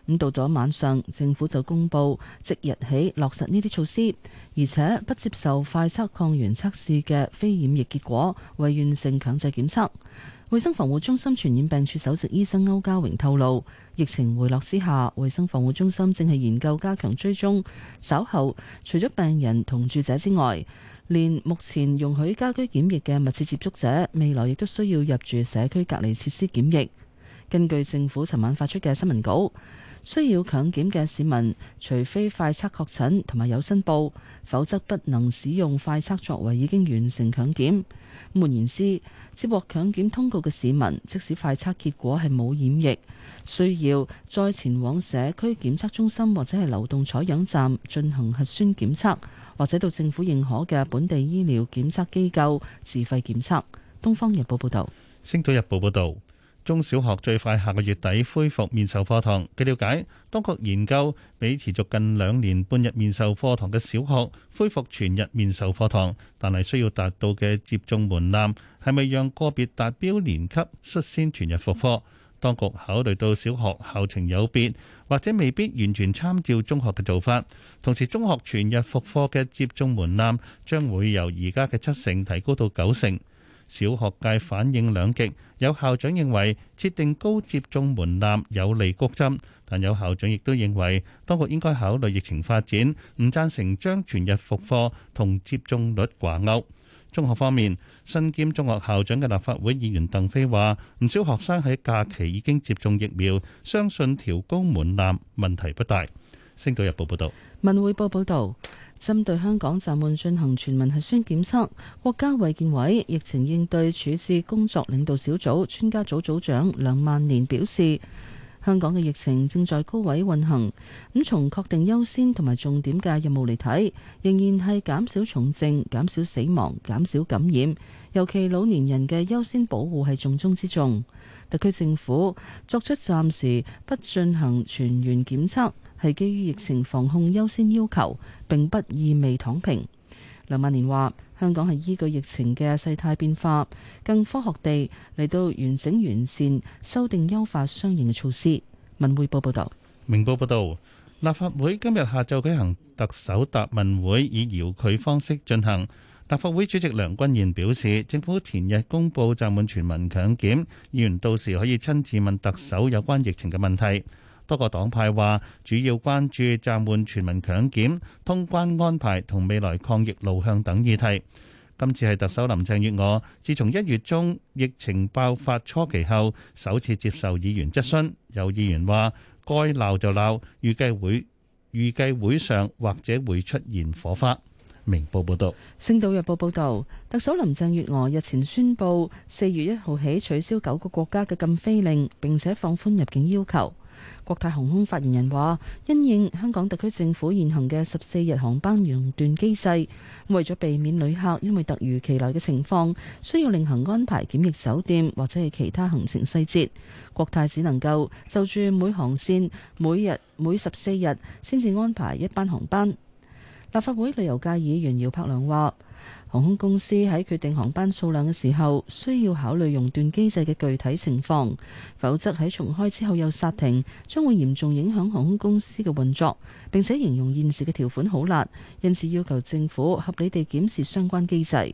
咁到咗晚上，政府就公布即日起落實呢啲措施，而且不接受快測抗原測試嘅非染疫結果，為完成強制檢測。衛生防護中心傳染病處首席醫生歐家榮透露，疫情回落之下，衛生防護中心正係研究加強追蹤，稍後，除咗病人同住者之外。連目前容許家居檢疫嘅密切接觸者，未來亦都需要入住社區隔離設施檢疫。根據政府尋晚發出嘅新聞稿，需要強檢嘅市民，除非快測確診同埋有申報，否則不能使用快測作為已經完成強檢。換言之，接獲強檢通告嘅市民，即使快測結果係冇染疫，需要再前往社區檢測中心或者係流動採樣站進行核酸檢測。或者到政府認可嘅本地醫療檢測機構自費檢測。東方日報報道，星島日報報道，中小學最快下個月底恢復面授課堂。據了解，當局研究比持續近兩年半日面授課堂嘅小學恢復全日面授課堂，但係需要達到嘅接種門檻，係咪讓個別達標年級率先全日復課。當局考慮到小學校情有別，或者未必完全參照中學嘅做法，同時中學全日復課嘅接種門檻將會由而家嘅七成提高到九成。小學界反應兩極，有校長認為設定高接種門檻有利谷針，但有校長亦都認為當局應該考慮疫情發展，唔贊成將全日復課同接種率掛鈎。中學方面，身兼中學校長嘅立法會議員鄧飛話，唔少學生喺假期已經接種疫苗，相信調高門檻問題不大。星島日報報道，文匯報報道，針對香港暫緩進行全民核酸檢測，國家衛健委疫情應對處置工作領導小組專家組組長梁萬年表示。香港嘅疫情正在高位運行，咁從確定優先同埋重點嘅任務嚟睇，仍然係減少重症、減少死亡、減少感染，尤其老年人嘅優先保護係重中之重。特區政府作出暫時不進行全員檢測，係基於疫情防控優先要求，並不意味躺平。梁萬年話。香港係依據疫情嘅世態變化，更科學地嚟到完整、完善、修訂、優化相應嘅措施。文匯報報道，明報報道，立法會今日下晝舉行特首答問會，以遙距方式進行。立法會主席梁君彥表示，政府前日公布集滿全民強檢，議員到時可以親自問特首有關疫情嘅問題。多個黨派話，主要關注暫緩全民強檢、通關安排同未來抗疫路向等議題。今次係特首林鄭月娥自從一月中疫情爆發初期後，首次接受議員質詢。有議員話該鬧就鬧，預計會預計會上或者會出現火花。明報報道，星島日報報道，特首林鄭月娥日前宣布，四月一號起取消九個國家嘅禁飛令，並且放寬入境要求。國泰航空發言人話，因應香港特區政府現行嘅十四日航班熔斷機制，為咗避免旅客因為突如其來嘅情況，需要另行安排檢疫酒店或者係其他行程細節，國泰只能夠就住每航線每日每十四日先至安排一班航班。立法會旅遊界議員姚柏良話。航空公司喺決定航班數量嘅時候，需要考慮熔斷機制嘅具體情況，否則喺重開之後又煞停，將會嚴重影響航空公司嘅運作。並且形容現時嘅條款好辣，因此要求政府合理地檢視相關機制。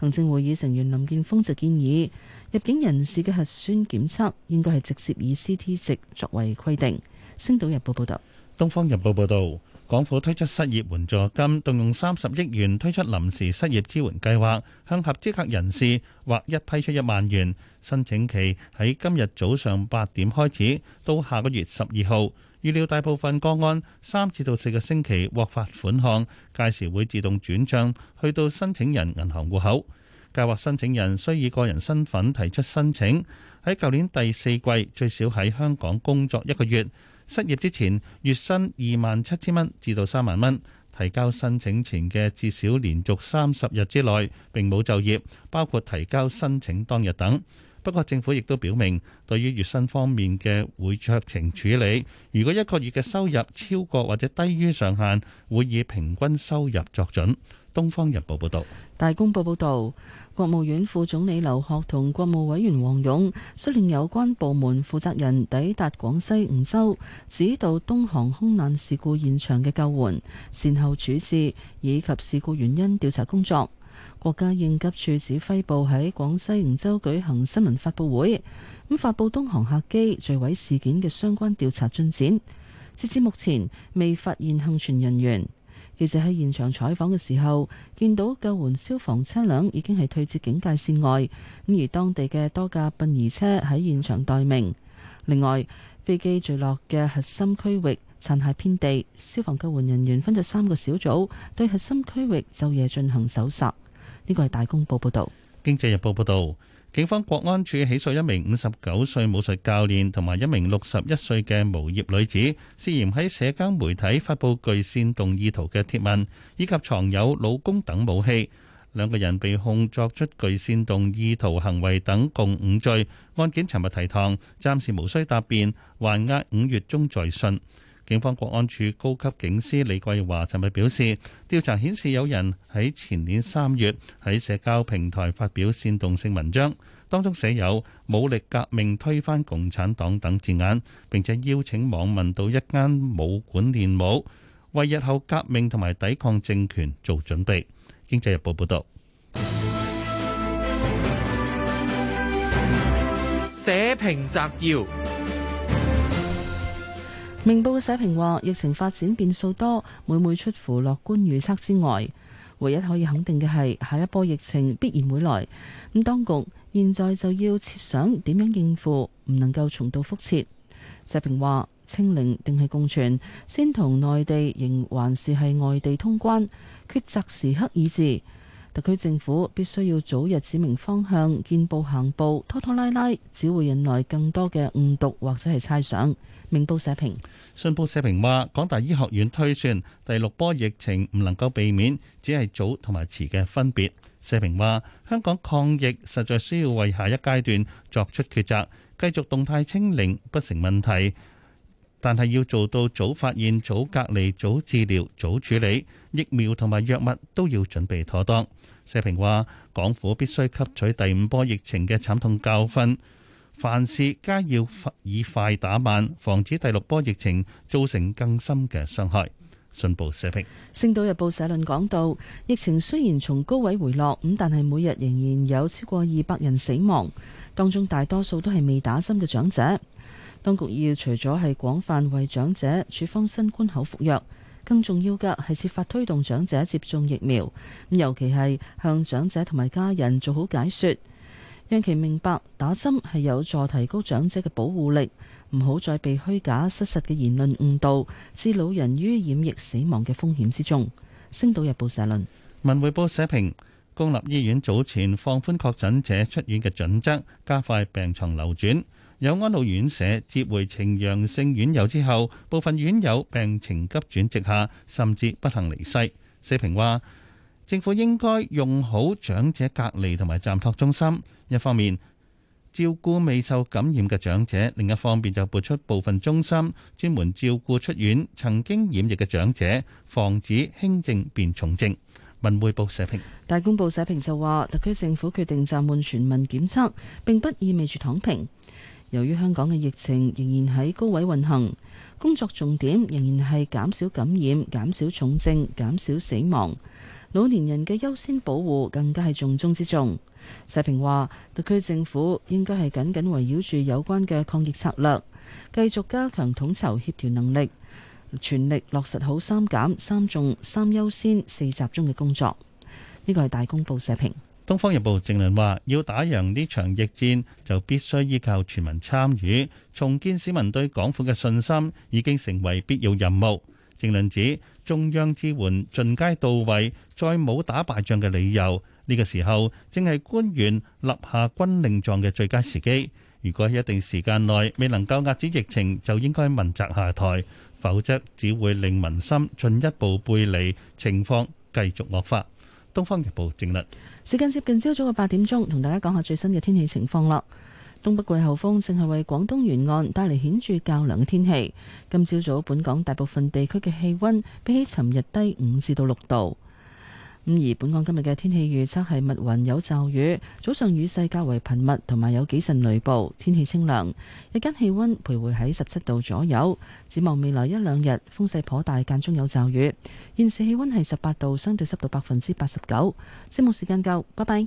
行政會議成員林健鋒就建議，入境人士嘅核酸檢測應該係直接以 CT 值作為規定。星島日報報道，東方日報報道。港府推出失業援助金，動用三十億元推出臨時失業支援計劃，向合資格人士劃一批出一萬元。申請期喺今日早上八點開始，到下個月十二號。預料大部分個案三至到四個星期獲發款項，屆時會自動轉賬去到申請人銀行戶口。計劃申請人需以個人身份提出申請，喺舊年第四季最少喺香港工作一個月。失業之前月薪二萬七千蚊至到三萬蚊，提交申請前嘅至少連續三十日之內並冇就業，包括提交申請當日等。不過，政府亦都表明，對於月薪方面嘅會酌情處理。如果一個月嘅收入超過或者低於上限，會以平均收入作準。《東方日報》報道，《大公報》報道，國務院副總理劉鶴同國務委員王勇率領有關部門負責人抵達廣西梧州，指導東航空難事故現場嘅救援、善後處置以及事故原因調查工作。國家應急處指揮部喺廣西梧州舉行新聞發布會，咁發布東航客機墜毀事件嘅相關調查進展。截至目前，未發現幸存人員。記者喺現場採訪嘅時候，見到救援消防車輛已經係退至警戒線外，咁而當地嘅多架殯儀車喺現場待命。另外，飛機墜落嘅核心區域殘骸遍地，消防救援人員分咗三個小組對核心區域晝夜進行搜索。呢個係大公報報道，《經濟日報》報道，警方國安處起訴一名五十九歲武術教練同埋一名六十一歲嘅無業女子，涉嫌喺社交媒體發布具煽動意圖嘅貼文，以及藏有弩弓等武器。兩個人被控作出具煽動意圖行為等共五罪，案件尋日提堂，暫時無需答辯，還押五月中再訊。警方國安處高級警司李桂華尋日表示，調查顯示有人喺前年三月喺社交平台發表煽動性文章，當中寫有“武力革命推翻共產黨”等字眼，並且邀請網民到一間武館練武，為日後革命同埋抵抗政權做準備。經濟日報報道。社評摘要。明報嘅社評話：疫情發展變數多，每每出乎樂觀預測之外。唯一可以肯定嘅係，下一波疫情必然會來。咁當局現在就要設想點樣應付，唔能夠重蹈覆轍。社評話：清零定係共存，先同內地仍還是係外地通關，抉擇時刻已至。特區政府必須要早日指明方向，見步行步，拖拖拉拉，只會引來更多嘅誤讀或者係猜想。明報社評，信報社評話，港大醫學院推算第六波疫情唔能夠避免，只係早同埋遲嘅分別。社評話，香港抗疫實在需要為下一階段作出抉擇，繼續動態清零不成問題，但係要做到早發現、早隔離、早治療、早處理，疫苗同埋藥物都要準備妥當。社評話，港府必須吸取第五波疫情嘅慘痛教訓。凡事皆要以快打慢，防止第六波疫情造成更深嘅傷害。信報社評，星島日報社論講到，疫情雖然從高位回落，咁但係每日仍然有超過二百人死亡，當中大多數都係未打針嘅長者。當局要除咗係廣泛為長者處方新冠口服藥，更重要嘅係設法推動長者接種疫苗，咁尤其係向長者同埋家人做好解說。讓其明白打針係有助提高長者嘅保護力，唔好再被虛假失實嘅言論誤導，置老人於染疫死亡嘅風險之中。星島日報社論，文匯報社評：公立醫院早前放寬確診者出院嘅準則，加快病牀流轉。有安老院舍接回呈陽性院友之後，部分院友病情急轉直下，甚至不幸離世。社評話。政府應該用好長者隔離同埋暫託中心，一方面照顧未受感染嘅長者，另一方面就撥出部分中心專門照顧出院曾經染疫嘅長者，防止輕症變重症。文匯報社評。大公報社評就話，特區政府決定暫緩全民檢測，並不意味住躺平。由於香港嘅疫情仍然喺高位運行，工作重點仍然係減少感染、減少重症、減少死亡。老年人嘅優先保護更加係重中之重。社評話，特區政府應該係緊緊圍繞住有關嘅抗疫策略，繼續加強統籌協調能力，全力落實好三減三重三優先四集中嘅工作。呢個係大公報社評。《東方日報》正論話：要打贏呢場疫戰，就必須依靠全民參與，重建市民對港府嘅信心，已經成為必要任務。正論指。中央支援盡皆到位，再冇打敗仗嘅理由。呢個時候正係官員立下軍令狀嘅最佳時機。如果喺一定時間內未能夠遏止疫情，就應該問責下台，否則只會令民心進一步背離，情況繼續惡化。《東方日報》正論。時間接近朝早嘅八點鐘，同大家講下最新嘅天氣情況啦。東北季候風正係為廣東沿岸帶嚟顯著較涼嘅天氣。今朝早，早本港大部分地區嘅氣溫比起尋日低五至到六度。咁而本港今日嘅天氣預測係密雲有驟雨，早上雨勢較為頻密，同埋有幾陣雷暴，天氣清涼。日間氣溫徘徊喺十七度左右。展望未來一兩日，風勢頗大，間中有驟雨。現時氣溫係十八度，相對濕度百分之八十九。節目時間夠，拜拜。